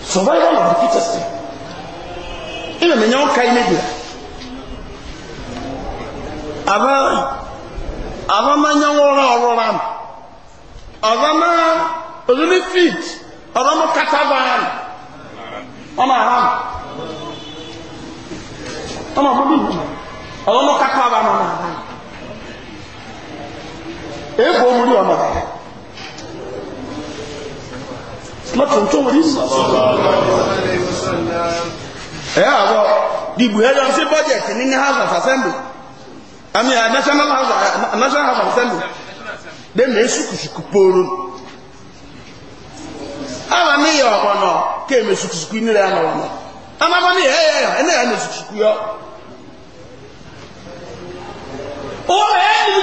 survival of the fittest ina menya wo kai ne bia aba aba ma nya wo ra oro aba ma ozuni fit aba ma kata ba ama ha ama mo bi aba ma kata ba ma na e ko ni ama ba láti tó wọ́n yìí ẹ̀yà àwọ̀ dìbò ẹ̀yà ń sí bọ́jẹ̀tì ní ní house of assembly àmì national house of assembly dé mẹ́ sùkùsùkù pòrò àwọn ní ìyà ọ̀pọ̀ náà kéèmé sùkùsùkù nílẹ̀ àwọn ọ̀nà amábọ́ ní ẹ̀yà ẹ̀yà ẹ̀nà ẹ̀yà sùkùsùkù yọ wọ́n ẹ̀yà ní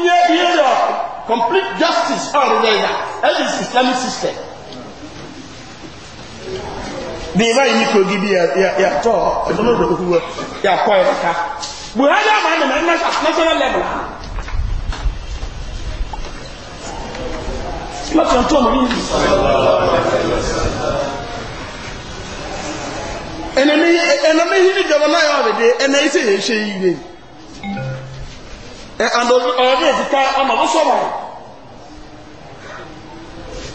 ìyẹ́ ìyẹ́ yọ complete justice ọ̀rọ̀ yẹ̀yà ẹ̀yà islamic system bí báyìí ní kogi bí yàtọ̀ ẹ̀dọ́nọ́dọ̀ òwúwọ̀ yàkọ́ ẹ̀ ká buhari àmà ẹ̀nà national level láti ọ̀tọ́ mọ̀ na ẹ̀nàmí yìí níjọba náà yọ̀ ọ̀dẹ̀dẹ̀ ẹ̀nà iṣẹ́ yẹn ṣe yìí rẹ̀ ọ̀dẹ̀ ìdíkà ọmọ bó sọ̀rọ̀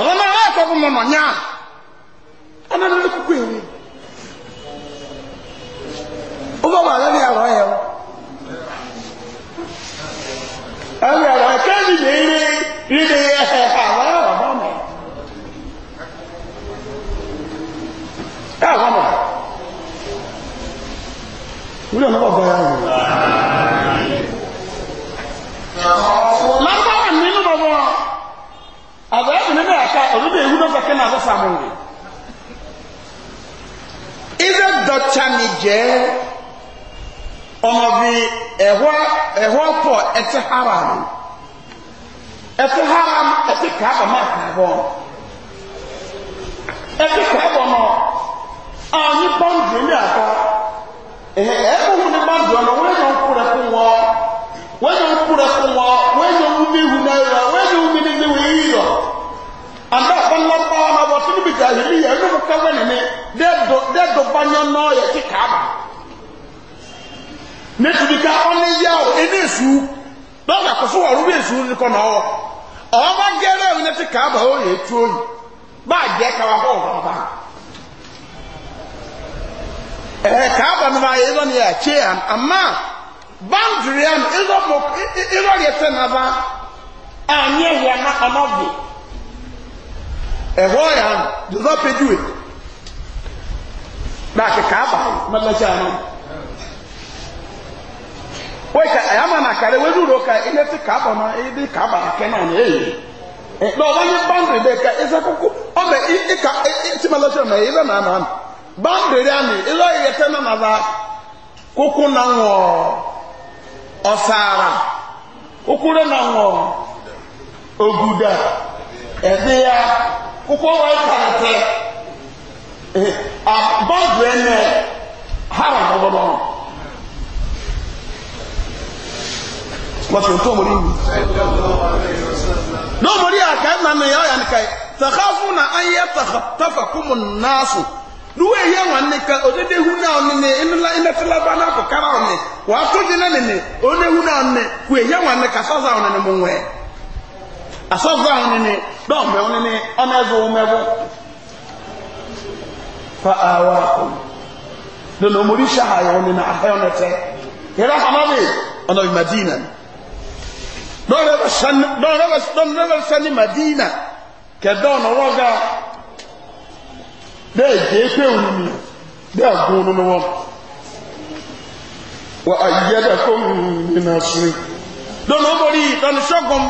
ọ̀rọ̀ náà wọ́n ẹ̀kọ́ fún mọ́ nọ̀ nyá ẹ̀nà ló kúkú èyí ó bọ́ wà lẹ́nu ẹ̀rọ ẹ̀ o ẹ̀rọ ẹ̀rọ kẹ́ẹ̀dì lè rí rí lè ẹ̀hẹ̀ àwọn ẹ̀rọ bọ́ mọ̀ ẹ̀ àwọn mọ̀ wúlò náà bọ̀ bọ̀ yà wọ̀ ke na so samu ni ize dọcha mi jẹ ọmọ bi ẹhọ ẹhọ pọ ẹtẹ haram ẹtẹ haram ẹtẹ kaaba ma kaabọ ẹtẹ kaabọ nọ a ní bọndù ní akọ ẹhẹ ẹkọ hu ní bọndù ọ̀nà wọ́n yẹn ń kúrẹ́ fún wọn wọ́n yẹn ń fún wọn. jahiliya ɛnu mu kaba nene dɛ do dɛ do banya kaaba ne tu bi ka ɔne ya o esu ɔlu esu ni kɔnɔ wɔ ɔba gɛrɛ ne ti kaaba o yɛ baa jɛ kawa hɔ ɔba ɛɛ kaaba no ba yɛ ɛdɔ ni yɛ ɛkyɛ yan ama boundary yan ɛdɔ mo ɛdɔ yɛ fɛ naba a na ẹ̀họ́ ya nù jọzọ pẹ̀júwe náà kẹkẹ àbá mẹlẹsẹ àná wọ́n ìka ẹ̀yà máa nà kàrẹ́ wọ́n dúró kaaba ilé ti kàbọ̀ náà èyí di kàbà kẹ́ náà ní èyí náà báńdì dẹ̀ ka ẹsẹ̀ kókó ọmọ ìka náà nà báńdì àná tẹ́ náà wọ̀ ọ̀sàrà wọ̀ ògùdà ẹ̀dẹ́yà. kókó wáyé kàtẹ abọ́dù ah, ẹnẹ hàrà gbọgbọdọ wọ́n tó mọ̀rí mi. náà mọ̀rí àkàyè náà mi yà yàn kàyè tàkàfù na ayé tàkàtàfà kùmù nàásù nuwe yɛ wɔn ne ka odede hu na ɔne ne enula enetela ba na akɔkara ɔne wɔato gyina ne ne onehun na ɔne kue yɛ wɔn ne kasa sa ɔne ne mo nwɛ. asọ́gbà wọn ni dọ́ọ̀mẹ́ wọn ni ọmẹ́bù ọmẹ́bù fa awa omori ṣahayọ wọn ni na ahẹ́ wọn tẹ hamadi ọ̀nà bí madina dọ́ọ̀rẹ́ madina kedọ ọ̀nà wọ́gà ga jẹ́ pé òun ni bẹ́ẹ̀ gún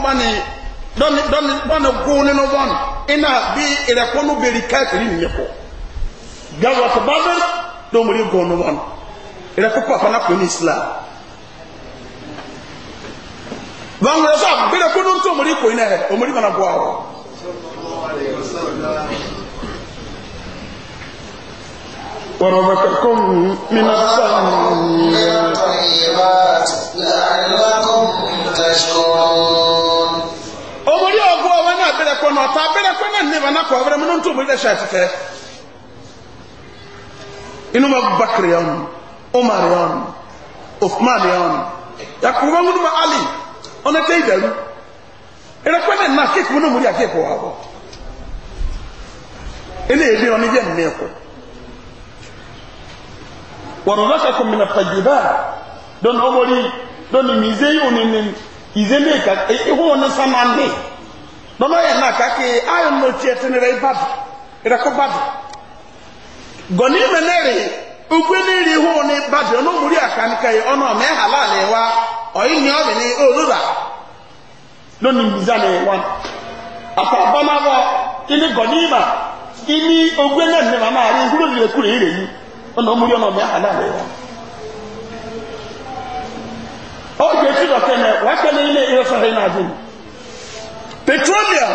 un dɔnni dɔnni dɔnni guuni ni wɔn ina bi irakɔnu beri kɛtiri nyɛ kɔ gawasa bazɛri domori guuni wɔn irakɔ kɔ fana kɔ ni islam wọn wọlé sọ bẹrẹ kó ló ń tó omori kò iná yẹ omori mana bọ àwọ. وربكم من السماء لعلكم تشكرون omori ọgụ ọwa na abirekwa na ọta abirekwa na nneba na kwa ọbara mana ntu omori dasha afefe inu ma bakiri ọnụ umar ọnụ ofman ọnụ ya kuma nwunu ma ali ọna te idaru erekwa na nna keku na omori akeku wa abụọ ene ebi ọnụ ya nne ekwu wọrọ rọshakọ mina tajiba don omori don mizeyi onini izele ka ihu e, e ni samande nono ye na ka ke ayo e no tie tene re babu re ko babu goni menere ugwe ni ihu hu ni babu ono muri aka ni kai ono me halal wa oyi ni obi ni oluba no ni mizane wan aka bana wa ini goni ma ini ogwe na ni mama ari huru le kure ire ni ono muri ono me halal ịwa. ọjọ́ etí dọ̀kẹ́ mẹ́ wàá kẹ́lẹ́ ilé ìwé sọ̀rọ̀ iná àdúm petroleum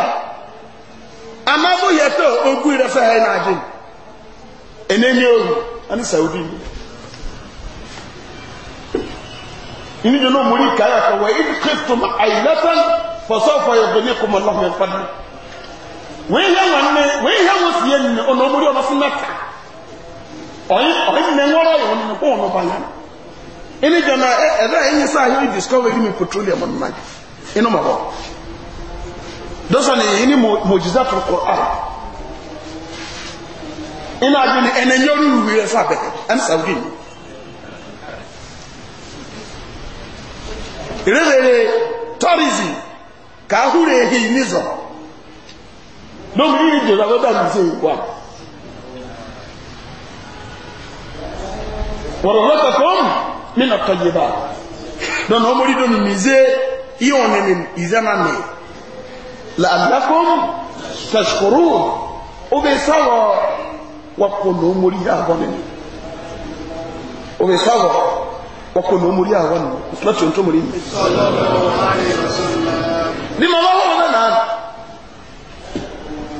amábó yẹ tó ogún ìrẹ́ sọ̀rọ̀ iná ibi ma àyìnlẹ́tàn fọ́sọ́fọ́ ẹ̀gbẹ́ ní kò mọ̀ lọ́hùn ẹ̀fọ́ dẹ́ wọ́n yẹ wọn ní wọ́n yẹ wọn sì yẹ nìyẹn ọ̀nà ini jana ɛdá yẹn sá yẹn discover yìí mi petroleum on night inú ma bọ̀ dọ́sọ̀ ni ni mo tó kọ á iná adi ni ẹnẹ nyẹ olú wúwi rẹ sábẹ ẹn sàwùdí tourism lóbi wọ̀rọ̀ mina tɔyiba dɔnku ɔmɔdi dɔnku mize iye wɔn nɛni izɛma mi la alakom tashkuru o bɛ sawɔ wakɔ na ɔmɔdi yɛ awɔ nɛni o bɛ sawɔ wakɔ na ɔmɔdi yɛ awɔ nɛni o fila tuntun mɔdi mi. ni mama wɔn nana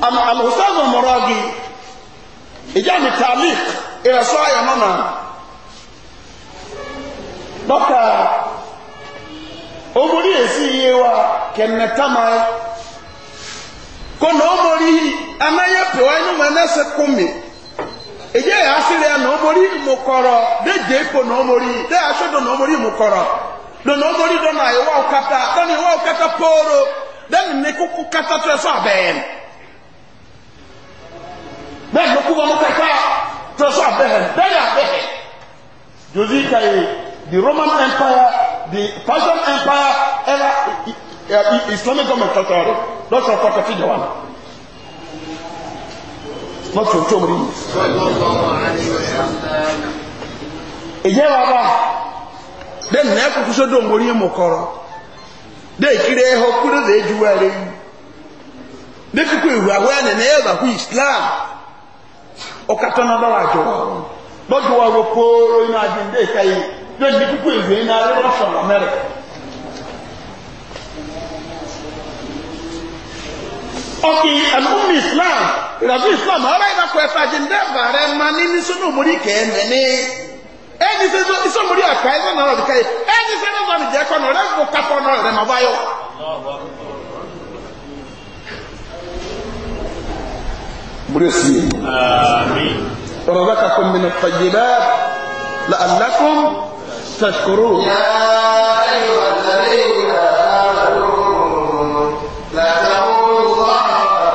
alhussein mɔrɔgi ìjà mi taalik ìrẹsọ ayọ̀ nọ náà dɔkta omori esi yie wa kɛnɛ tama yɛ ko na omori anayɛ pɛwɛ ɛnu ma n'ɛsɛ kumi eyi yɛ asiri yɛ na omori mu kɔrɔ de dze ko na omori de aso do na omori mu kɔrɔ do na omori do na iwa kata do na iwa kata pooro de ne koko kata to ɛsɛ abɛɛ bɛɛ ne kuba mu kata to ɛsɛ abɛɛ bɛɛ yɛ abɛɛ jozi the Roman Empire, the Persian Empire, era e, e, e, Islamic government tatari. Lọ́sọ̀ ọ̀pọ̀ kẹfì jọ wà náà. Lọ́sọ̀ ọ̀tọ́ orí yìí. Ìyẹ́ wa bá, dẹ́nu náà kúkú sódò ń borí mú kọ́rọ́. Dé ìkiri ẹ̀họ́ kúrò lè ju wẹ́rẹ́ yìí. Dé kíkú ìwé àwọn ẹ̀nà ní ẹ̀rọ àkú lójú púpọ̀ ìwé ní alẹ́ rọ́ṣọ̀ amẹ́rẹ̀. ọkì ẹ̀mọ́mí islam ìrọ̀bí islam ọ̀rọ̀ ìdàkọ̀ ẹ̀fà jìndẹ́fà rẹ̀ máa ní ní sọ́nà òmùrí kẹ́ẹ̀mẹ́ ní ẹni sẹ́ sọ òmùrí àkà ẹ̀sẹ̀ náà rẹ̀ káyé ẹni sẹ́ náà sọ̀rọ̀ ìjẹ́kọ̀ náà rẹ̀ fún kápọ̀ náà rẹ̀ máa báyọ̀. búrẹ́sì ọ̀rọ̀ bá kakọ́ mi nà fàyè bá làálàkùn تشكرون يا أيها الذين آمنوا لا تقولوا الله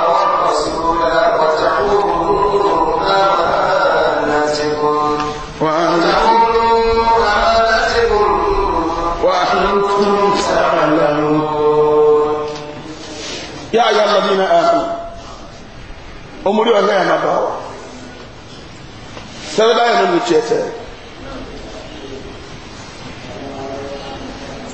والرسول وتقولوا أماناتكم وتقولوا أماناتكم وأنتم تعلمون يا أيها الذين آمنوا أمري الله يا نبأ سبب أيها المتشتت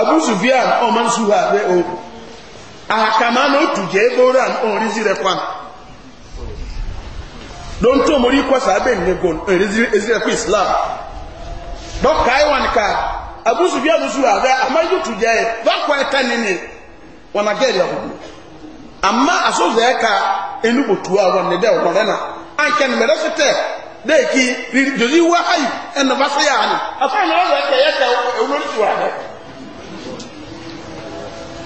abu sufian ọma nsuhu abe o akama na otu je ebe ora orizi rekwa don mori kwasa abe ne gon orizi e ezire islam don kai wan ka e abu sufian nsuhu abe ama yotu je ba kwa eta nini wana gari abu amma asoze e ka enu botu awa ne de wo na anke ne mere fete de ki jozi wa ai en ba se ya ni afa na wa ka ya ka onori suwa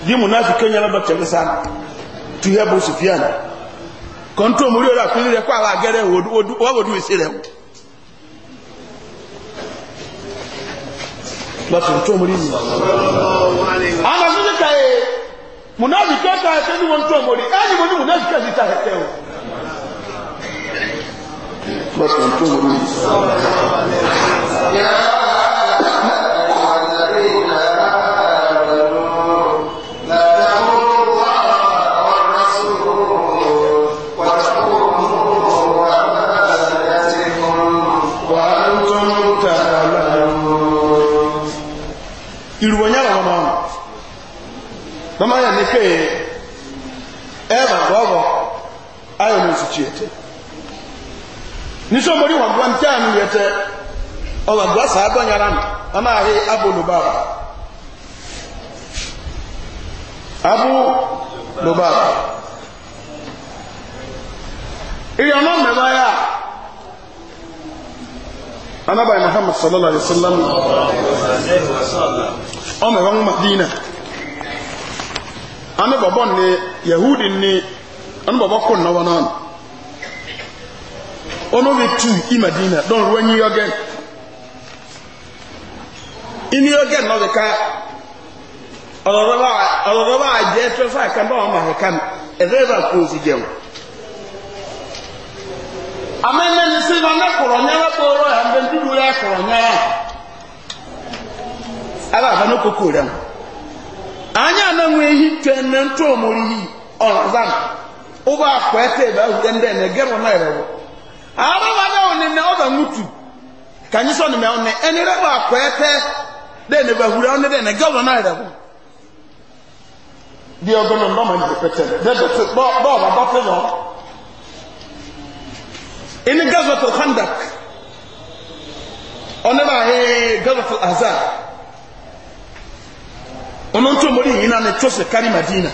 di munafiki nyala ba tẹ̀lé sáà tu yẹ bó sofiyan kọ́ńtò mórí ọ̀rọ̀ àfihàn rẹ̀ kó àwọn agẹ́rẹ́ wodu wodu dùn èsì rẹ̀ wò. láti tó mórí mi. àwọn ọ̀sán ti kàyé munafiki ẹ̀ka e ẹ̀ka e, e ni wọ́n tó mórí ẹ̀yìn mo ni munafiki si ti kàyé o. láti tó mórí mi. ke eba gogo ayo nusichete niso mori wagwa ntanu ọ ga gwasa adonyaran ana ahi na baba abu lubaba iyo no meba ya anabai muhammad sallallahu alaihi wasallam o meba mu madina ane bɔbɔ ne yahudi ne ane bɔbɔ ko nnɔbɔ nɔn ɔno bi tu imadina dɔn ruwa nyi yɔgɛn ini yɔgɛn nɔ bi ka ɔlɔdɔba ɔlɔdɔba adiɛ fɛ fa kan bɛ wɔn ma hɛ kan ɛdɛ ba ne a fɛ ne anyị ananwe ehi na ntụ omori hi ọzan ụba akwa ete ebe ahụ ndị ene na erewo arụwa na oni na ọba ka anyị sọ nime bụ akwa dị ahụrụ dị na erewo dị ndọ ma ndị pete dọdọtụ bọọba dọtụ nọ ịnị gazọtụ handak ọnụ bụ ahụ gazọtụ ọ̀nà tó mọ̀rí yìí náà ni tó sì kárí madina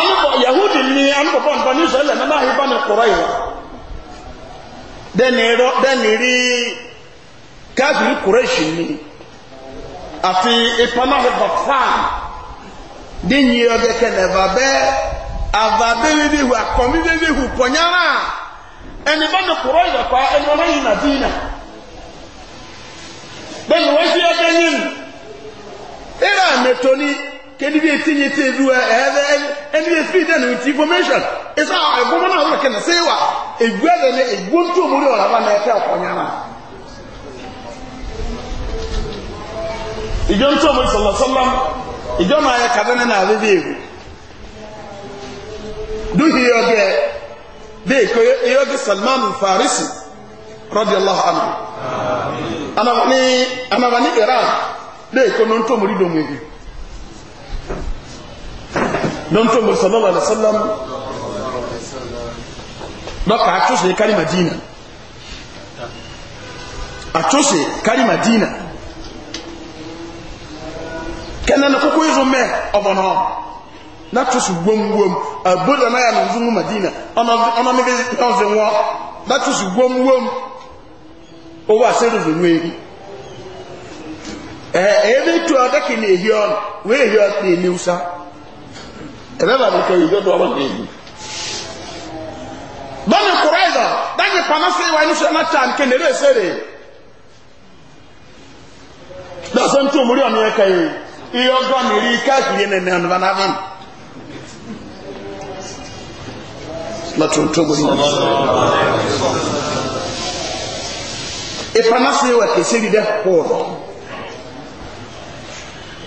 anubọ yahudi ni anubọbọ nbọ ní israẹlẹ náà náà hibá ni kọrọ yìí wa dẹni rí káfíìn kúrẹ́ṣì ni àti ìpanáhìbọ fáà dínyi ọdẹ kẹnẹfà bẹẹ àvàbẹ bíbí hu àkọmí bíbí hu pọnyára ẹni bá ní kọrọ yìí kọ ẹni wọn náà yìí nà dínà bẹ́ẹ̀ni wọ́n ṣe ọbẹ̀ yín ìrà mẹ́tọ́ ni kẹ́ni bíi tí yín ti du ẹ̀ẹ́dẹ́ e, ẹni e, e, bíi fi dẹ́nu ti information ìsọ àgbọ̀mọ́ náà lọ́kẹ́ ní sẹ́yìn wa ègbú ẹ̀dẹ̀ ni ègbú tó mú rí ọ̀rọ̀ àbá náà ẹ̀fẹ́ ọ̀pọ̀ yàrá. ìjọ ń tó mú sọ̀lọ̀sọ́lọ́ ìjọ máa yẹ kàdánù náà lé bíi èwù dúhìí ọgẹ bíi kò yọgẹ salman farisi. radiyallahu anhu ana ana iran de ko non to to sallallahu alaihi sallam. doka atuse kari madina atuse kari madina kenan ko ko na tusu gwom gwom aboda na ya no madina ona ona nwa na tusu gwom gwom owó àṣẹ́rùzù ní eri ẹ̀ẹ́dẹ́ tó ọdẹ́kì ní èyí ọ̀nà wíì èyí ọ̀nà ní ìlúsá ẹ̀bẹ́bà ní kọ èyí ọ̀dọ̀ ọ̀nà èyí bọ́ọ̀nì kùráìdà dájì pàmásí wa ní sọ́nà tà ní kẹ́nẹ̀rẹ́ ẹ̀sẹ̀rẹ̀ dọ́sẹ̀ ń tó múrí ọ̀nà ẹ̀ka yìí iye ọgọ́ mi rí káàkiri nínú ọ̀nà bàbá látún tó gbé ìpanásí wà kèsì rí dẹ́ kóòdọ̀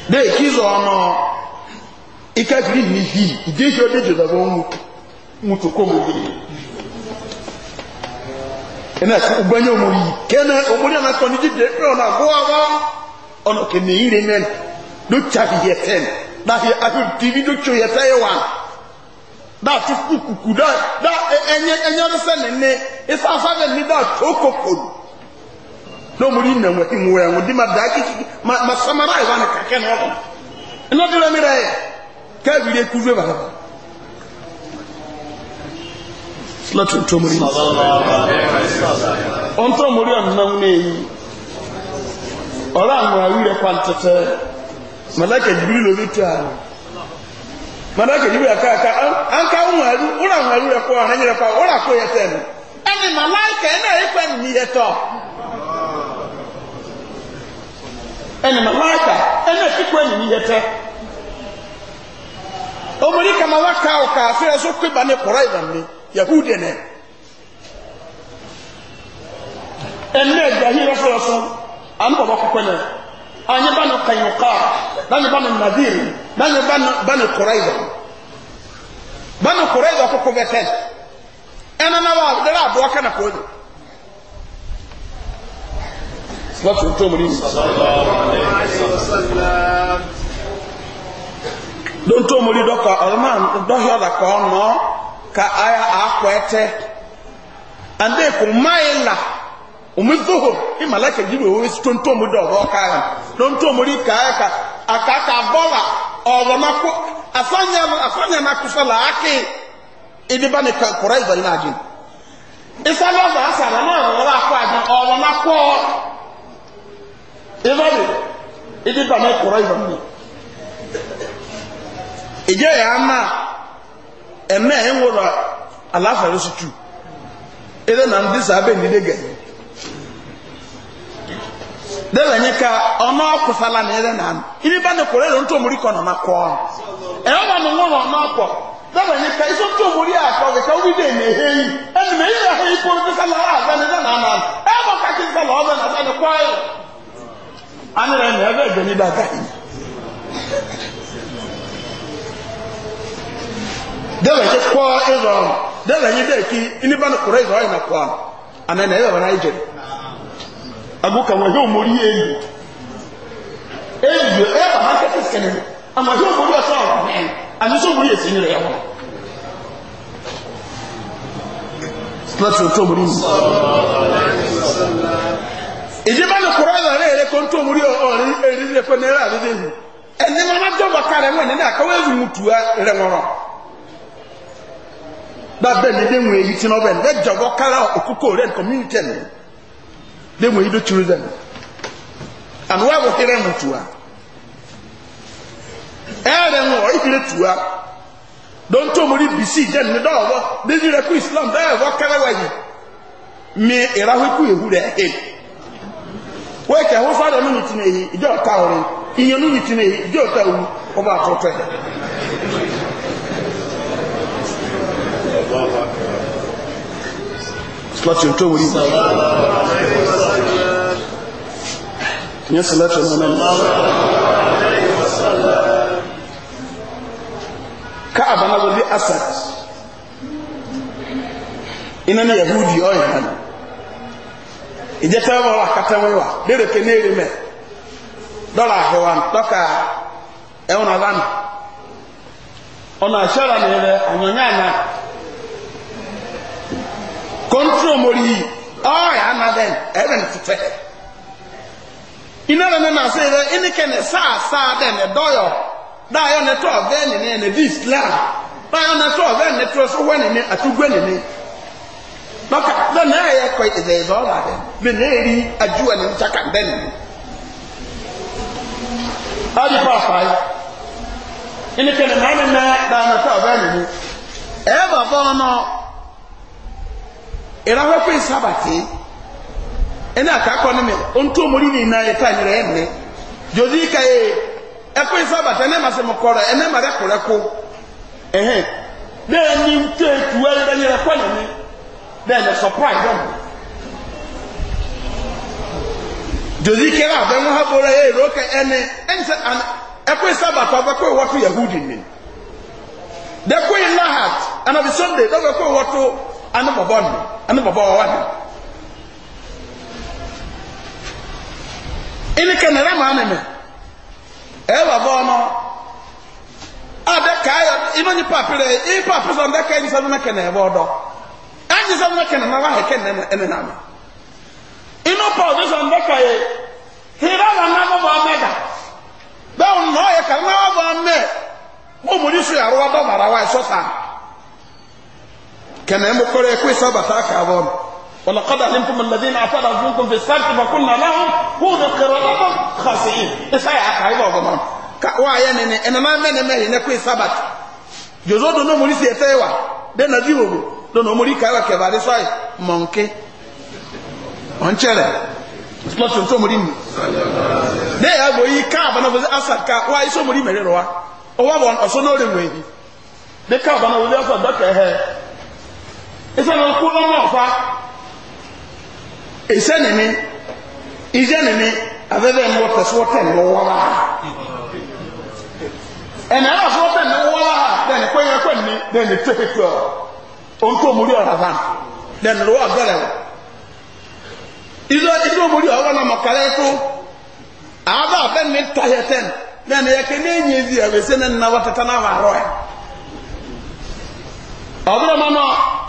dé ìkízọ̀ ọ̀nà ìkẹ́kìrí ní hì ìdíhì ọdẹ́jọ dàbọ̀ ohun tó kó mú bí ẹ̀nà ẹ̀kọ́ ọgbẹ́ni ọmọ na kẹ́nẹ́ ọmọdé àmàkọ́ na jíjẹ pé ọ̀nà àgọ́wàwá ọ̀nà kẹ́nẹ́ ìrẹ́ mẹ́rin ló tàbí yẹ tẹ́n láti na ló no muri na ngwa himu ya ngudi madaki ma, ma samara ya wana kake na wako ina dira mira ya ka bile kuzwe ba salatu to muri on to muri an na ngune yi ora ngwa wire kwa ntete malaka jibril obita malaka jibril akaka an ka ngwaru ora ngwaru ya kwa na nyere kwa ora ko yetene ani malaka ina ekwa ni yeto ɛne malaika ɛne kikɔ anyini yɛtɛ omori kama waka ɔka afei ɛso kweba ne kɔrɔ ɛdame yahu de ne ɛnna ɛdahi e ɛfɔlɔ so anu bɔbɔ kɔkɔ ne anyi ba no kanyɔka n'anyi ba no nadir n'anyi ba no ba no kɔrɔ ɛdame ba no kɔrɔ ɛdame kɔkɔ bɛ tɛ ɛnana wa de la kana kɔɔ de lọ́tún tó mú rí ló ń tó mú rí dọ́kọ̀ ọ̀rọ̀mà dọ́hìọ́ dàkọ̀ ọ̀nà ka aya àkọ́ ẹ̀tẹ́ àndé kò máyé là omi zoho ìmàlẹ́kà jíbi owó tó ń tó mú dọ̀rọ̀ ọ̀ka rẹ̀ ló ń tó mú rí ka ẹ̀ka àkàkà bọ́là ọ̀rọ̀ máa kó afọ́nyà máa kó sọ́là ákè ìdíbà ní kọ̀rọ̀ ìbẹ̀rẹ̀ náà jìn ìsàlẹ̀ ọ̀sà náà ọ̀rọ̀ ìbáde ìdí bàmí kúrọ ìbàmí ìjẹ́ yà á máa ẹ̀mẹ́ ẹ̀ ń wòrò aláfààrí sùtù ilé nà ń dí sàbẹ̀ nílé na dẹ́lẹ̀ nyẹ ká ọ̀nà ọ̀kùsàlà ní ẹ̀rẹ́ nà ìdí bàmí kúrọ ìrò ntọ́ mórí kọ́ ká iṣẹ́ mórí wí dé ní ehe yìí anira ni ẹbẹ ẹgbẹ ní bàtà yìí dẹbẹ yìí kọ ẹzọ dẹbẹ yìí dẹ kí níbà ní kúrẹ ẹzọ ẹnà kọ àná ẹnà ẹyẹ ebe ayé jẹ agoka wọn yóò mórí eyi eyi ẹ bàbá kẹsẹ sẹlẹ àmọ yóò mórí ọsọ ọrọ mẹrin àti sọ mórí èsì nílẹ ẹwọn. Láti ìdíbà ní kúrọ́ ìlànà rẹ̀ rẹ̀ kó ń tó mú rí ọ̀rìn èrí rẹ̀ fún náírà dídé yìí ẹni máa dọ́gba kárẹ̀ wọn ní àkọ́wé yìí mú tu wọn. dábẹ́ ní dé wọn èyí tí náà bẹ́ẹ̀ ní bẹ́ẹ̀ jọ̀bọ́ kárẹ̀ òkúkọ rẹ̀ ní community ẹ̀ ní èyí ló turu dẹ̀ ní. àmì wọ́n kéré mú tu wa ẹ̀rẹ̀ wọn ọ̀ ìkéré tu wa dọ́ntó bìsí jẹ́ wẹ́ẹ̀kẹ́ ẹ̀hún fáadà ní yìí yìí ìjọ ọ̀tá ọ̀run ìyẹn ní yìí yìí ìjọ ọ̀tá òwú ọba àtọ̀tọ̀ ẹ̀. láti ọjọ́ wòlíì ìyẹn yahudi ọ̀yàn ìjẹta wọn wà kata wọn wà lédè ké ní èrè mẹ dọlà àhẹwà dọkà ẹwọn náà lánà ọ̀nà àṣẹwà ní rẹ ọ̀nyọ̀nyá àná kọ́ńtúrò mọ̀rí yìí ọ̀yà àná dẹ́n ẹ̀rẹ̀ ní tẹ́tẹ́ iná lẹ́nu náà sẹ́yìn rẹ ẹni kẹ́ni sáà sáà dẹ́n ẹ̀dọ́yọ̀ dáyọ̀ nẹ́tọ̀ ọ̀bẹ́ẹ̀ nìyẹn ní bí islam dáyọ̀ nẹ́tọ̀ ọ̀bẹ́ẹ̀ nẹ́tọ̀ ọ̀sọ́wẹ́ nìyẹn àtúgbẹ́ Maka bẹ́ẹ̀ náà yẹ kọ ìdè ìzọ́ ọ̀la rẹ̀ bẹ́ẹ̀ náà rí ajú ẹni níta kà bẹ́ẹ̀ nìyí. Adi pa afa yi. Ẹni kẹ́lẹ̀ náà ni mẹ́ dáná tá ọ̀bẹ́ nìyí. Ẹ bọ̀ bọ́ ọ̀nà ìràwọ̀ pé sábàtì. Ẹni àkàkọ́ ni mi, ohun tó mori ni iná yẹ ká ìrẹ̀ ẹ̀ mi. Jòdì ká yẹ ẹkọ sábàtì ẹnẹ́ mo kọ́ rẹ̀ ẹnẹ́ màá rẹ̀ kọ́ rẹ̀ kó. ni tó ètù ẹ̀rẹ̀ yẹrẹ kọ́ nìyí. then the surprise them. Josi kera abẹ́mu ha bọ̀rọ̀ ẹ̀ roke ẹni ẹnsẹ̀ ẹkọ sábàtà ọbẹ̀kọ ìwọ́tò yahudi ni. Dẹ́kọ̀ yìí lahat ẹnabi sunday ọbẹ̀kọ ìwọ́tò anamọ̀bọ̀ ni anamọ̀bọ̀ ọwọ́ ni. Ẹni kẹ́ nira maa nìmẹ̀ ẹ̀ wà bọ̀ ọ̀nà adẹ́kẹ́ ayọ̀ inú ní pàpẹ́rẹ́ yìí pàpẹ́sọ̀ ndẹ́kẹ́ yìí sẹ́nu nà ẹ̀ bọ̀ anyi sɛ ɔmɛ kɛnɛ ma wa hɛkɛ nɛ ɛnɛ nam inu paul de sɔn bɛka yɛ hira la na bɔ bɔ mɛ da bɛn nɔ yɛ ka na bɔ mɛ bɔ mo ni so yɛ arɔba bɔ mara wa yɛ sɔ kɛnɛ mo kɔrɔ yɛ ko isa bata ka bɔ ولقد علمتم الذين اعترضوا منكم في السبت فقلنا لهم خذوا قراركم خاسئين اسايا اكاي بابا مام wa ayɛ nene ɛnana mɛnɛ mɛhi ne koe sabat dzozo do no mo ni si ɛtɛ wa de na di wo lónà omori kàwé kẹfà àdé sọ́yì mọ̀nkẹ́ ọ̀nkyẹrẹ lọ́sọ̀ nsọ́ omori mi ne yà bọ̀ yí ká àbáná fún asad ká wá isọ́ omori mẹ̀rẹ̀ rọ̀ wá ọwọ́ bọ̀ ọ̀sọ́ náà rẹ̀ wọ̀nyí ne ká àbáná fún asad dọ́kẹ̀ ẹ̀hẹ́ ẹsẹ̀ náà kú lọ́mọ ọ̀fà ẹsẹ̀ nìmi ìjẹ́ nìmi abẹ́bẹ́ ń wọ tẹ̀síwọ́tẹ̀ wọ́ wọ́ra ẹ̀nà ẹ̀rọ fún ọ̀tẹ̀ ń onto omuli ọraba then ruo ọgọrẹ izo izo omuli ọwọ na makara ẹkọ aba abẹ mi tọhẹ tẹn then ya kẹ na e, nye ezi ẹwẹ e, oh, e, na nna na wàrọ ẹ ya. mọ náà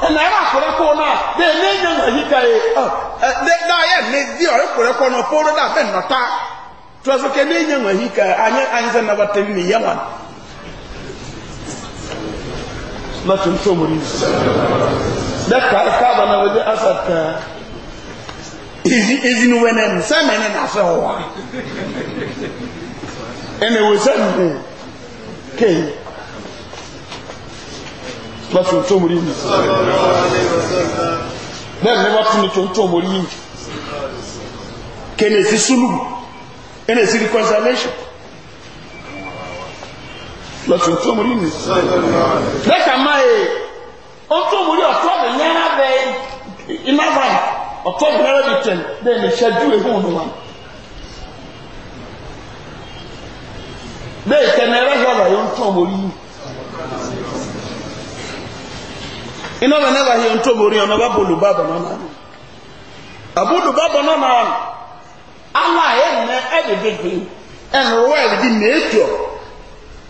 ẹnna ẹ na kọrẹ kọ náà de na-enye nga ọ na ọrụ na wọtẹ mi na tuntum rizu da ka ka ba na waje asaka izi izi nu wenen sa menen na fa wa ene wo sa ni ke na tuntum rizu na ne wa tun tuntum rizu kene si sulu ene si reconciliation lọ́sí ojú ọmọ ọ̀tọ́ mi náírà bẹ iná bá mi ọ̀tọ́ mi náírà bẹ tẹ̀m bẹ́ẹ̀ ni ṣẹ́jú ehun ọ̀nà wa. bẹ́ẹ̀ tẹ̀m ẹ̀rọ yọ ọ̀rọ̀ yọ ojú ọmọ yìí. iná bẹ náírà yọ ojú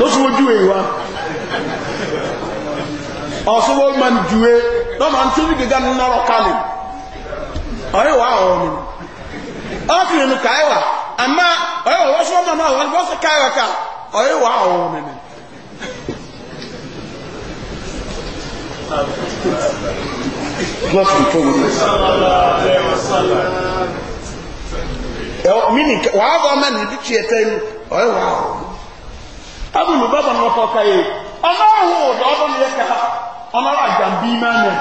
lọ́sùn ojú ìwà ọ̀sọ́wọ́ ma ń juwe lọ́mà ń tún ní gẹ́gẹ́ nínú kánì ọ̀rẹ́wà ọ̀rọ̀ mi ọ́fìnrin mi káyẹ̀wà àmá ọ̀rẹ́wà wọ́sọ́ ma náà wọ́n bọ́sẹ̀ káyẹ̀wà ká ọ̀rẹ́wà ọ̀rọ̀ mi ni Mini, wàá ọ̀rẹ́wà ọ̀rọ̀ mi. abulu baba na ɔkɔ ka ye ɔno ahu da ɔdɔ ne yɛ kata ɔno ara agyan bii ma nɛ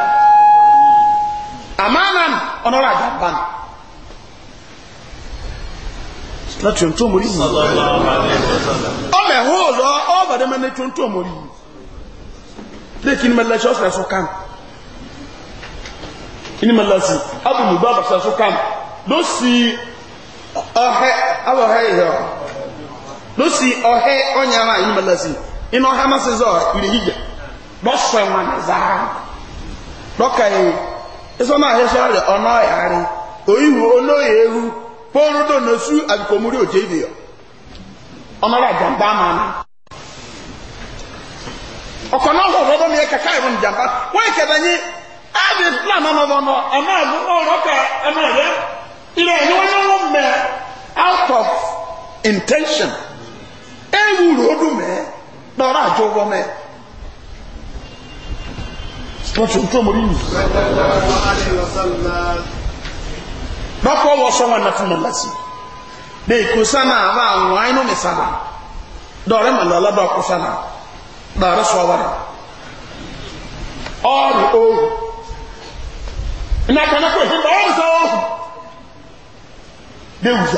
amaana ɔno ara agyan ba no na tuntun mori mu ɔmɛ hu lɔ ɔba dɛmɛ ne tuntun mori mu leki ni ma lɛ sɔ sɛ so kan ni ma lɛ si abulu baba sɛ so kan lɔ ɔhɛ awɔ hɛ yɛ hɛ. dosi ɔhɛ ɔnyama yi ma lasi ina ɔhɛ masi zɔ iri yiyɛ lɔsɔ ɛma ni zaa lɔka yi esɔn ɔnɔ ewu do oje yɔ ɔnɔ la jamba ma na ɔkɔ náà hɔ ɔbɔdɔ mi yɛ kaka yi mo jamba kɛtɛ nyi ilẹ̀ out of ewuru ọdún mẹ́ lọ́rọ̀ àjọ ọgbọ́ mẹ́ lọ́tún mee. mọ̀ nínú sọ wọ sọ́wọ́ nàfún mọ̀lásì bí kò sánà àbá àwọn àìnú mi sánà dọ̀rẹ́ mọ̀lá lọ́dọ̀ ọkọ̀ sánà dọ̀rẹ́ sọ́wọ́ rẹ̀ ọrù oòrù ìnákanákò ìfẹ́ ọrù sọ́wọ́ ọrù bí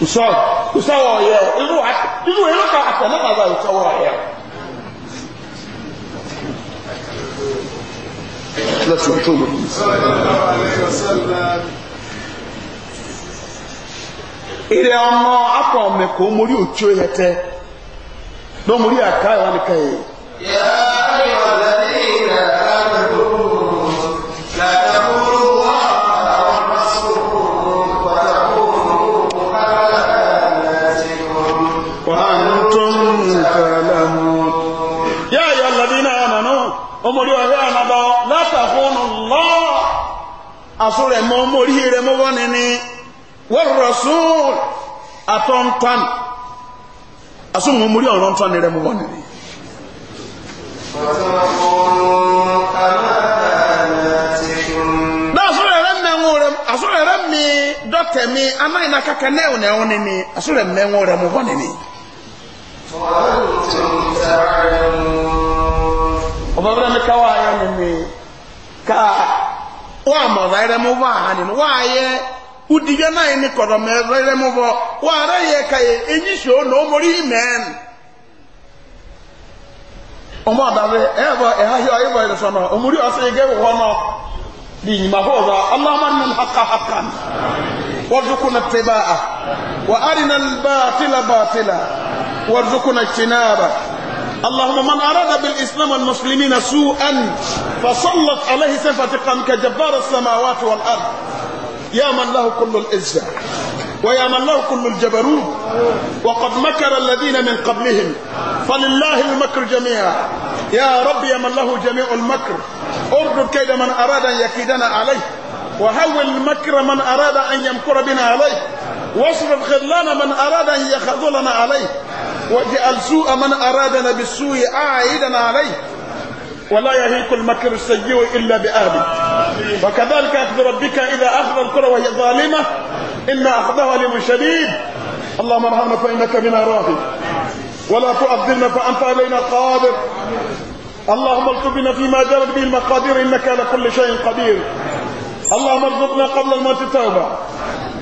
usɔɔ usɔɔ wɔ yɛ o inu wa inu wa yɛ ka afɔ ne ma ba usɔɔ wɔ yɛ o. lọ́sùn tó mọ̀. ìrẹ̀ ọmọ afọ mẹ́kọ̀ mórí òtú ẹ̀tẹ́ lọ́mọrí àkáyọ̀ wọn kẹ́yẹ̀. yàrá yọ̀lẹ́. Asu rẹ mọ mọ orí rẹ mọ wọn nínú wọn rọsùn atọ́ntọ́n aso mọ mọ orí ọ̀rọ̀ ntọ́n rẹ mọ wọn nínú. asore rẹ mi dɔtɛ mi anayi na kaka nɛ ɔnɛ ɔnɛ mi asore mɛ ŋɔ rɛ mo hɔ nɛ mi. ɔbɛbɛrɛ mi ka wa ayɛ mi ka wa mọ rẹrẹ mu wa hanin wa yẹ udigbe náà ni kọdọ mẹ rẹrẹ mu bọ wa rẹ yẹ ka yẹ enyi sọ na omori mẹn ọmọ àdàbẹ ẹ bọ ẹ ha yọ ẹ bọ ẹ sọ náà omori ọsẹ yẹ gẹwò wọn náà di ìyìnbá fún ọdọ aláma nínú haka haka wọdùkú na tẹ báa wà á rìn náà báa tìlà báa tìlà wọdùkú na tìǹà اللهم من أراد بالإسلام والمسلمين سوءا فسلط عليه سيف انتقام كجبار السماوات والأرض يا من له كل العزة ويا من له كل الجبروت وقد مكر الذين من قبلهم فلله المكر جميعا يا رب يا من له جميع المكر اردد كيد من أراد أن يكيدنا عليه وهول المكر من أراد أن يمكر بنا عليه واصرف خذلان من أراد أن يخذلنا عليه واجعل سوء من أرادنا بالسوء عائدا عليه ولا يهيك المكر السيء إلا بأهله وكذلك أخذ ربك إذا أخذ الكرة وهي ظالمة إن أخذها لم شديد اللهم ارحمنا فإنك بنا راهب ولا تؤذلنا فأنت علينا قادر اللهم ارزقنا فيما جرت به المقادير إنك على كل شيء قدير اللهم ارزقنا قبل الموت التوبة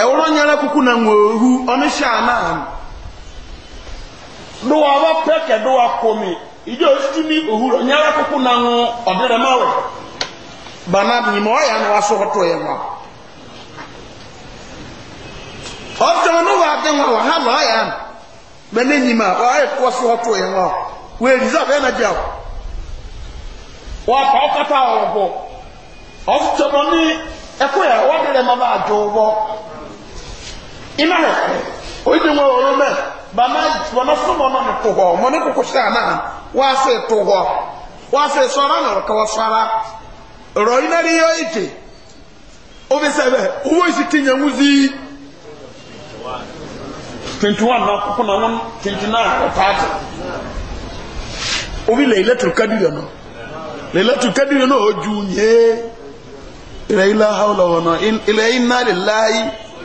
ẹ̀wọ́rọ̀ nyara kúkú na nwòhú ọ́nìṣẹ́ ní na nwò ọ̀dẹ̀rẹ̀ máwẹ̀ bàná nyìmọ̀ ọ̀yà ni wàá sọ̀tọ̀ yẹn wà. ọjọ́ ní wàá dé wọn wà hàn ọ̀yà mẹ́lẹ́ nyìmọ̀ ọ̀yà kọ́ sọ̀tọ̀ yẹn wà wọ́n ẹ̀ ẹ̀kọ́ yẹn wọ́n bá ima yɛ kɔ oyin wɔ wɔn bama wɔn afɔ wɔn ano to hɔ wɔn ne koko hyɛ anan to hɔ na wɔka wɔsɔra rɔyin na de yɛ eke obi sɛ bɛ owó na koko na wɔn twenty nine ɔpaati obi lɛ ilẹtiri kadi yɛ no kadi yɛ no o ju nye ilẹ ilaha wọlọwọlọ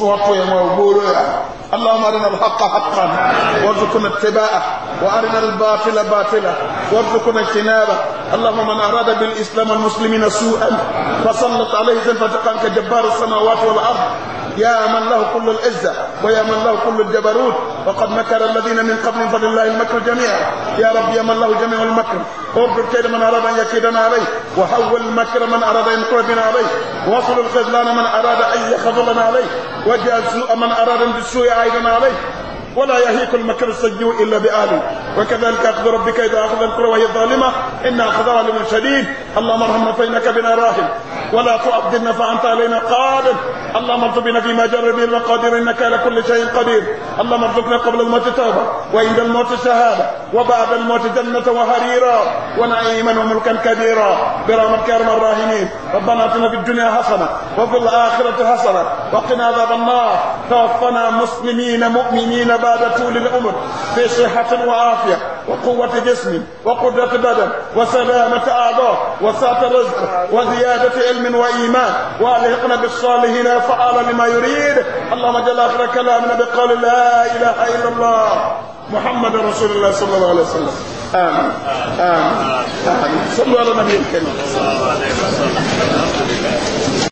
اللهم أرنا الحق حقا وارزقنا اتباعه وأرنا الباطل باطلا وارزقنا اجتنابه اللهم من أراد بالإسلام والمسلمين سوءا فسلط عليه زلفة جبار السماوات والأرض يا من له كل العزة ويا من له كل الجبروت وقد مكر الذين من قبل فلله المكر جميعا يا رب يا من له جميع المكر اغفر كيد من أراد أن يكيدنا عليه وحول المكر من أراد أن يمكر بنا عليه وصل الخذلان من أراد أن يخذلنا عليه واجعل سوء من أراد بالسوء عائدنا عليه ولا يهيك المكر السيء إلا بآله وكذلك أخذ ربك إذا أخذ القرى وهي ظالمة إن أخذها لمن شديد اللهم ارحمنا فإنك بنا راحم ولا تؤبدنا فأنت علينا قادر اللهم ارزقنا فيما جر به المقادير إنك على كل شيء قدير اللهم ارزقنا قبل الموت توبة وعند الموت شهادة وبعد الموت جنة وحريرا ونعيما وملكا كبيرا برحمتك يا الراهنين الراحمين ربنا اتنا في الدنيا حسنة وفي الآخرة حسنة وقنا عذاب النار توفنا مسلمين مؤمنين وسبابة للأمم في صحة وعافية وقوة جسم وقدرة بدن وسلامة أعضاء وسعة رزق وزيادة علم وإيمان وألحقنا بالصالحين فعل لما يريد اللهم جل آخر كلامنا بقول لا إله إلا الله محمد رسول الله صلى الله عليه وسلم آمين آمين آمين صلوا على النبي الكريم صلى الله عليه وسلم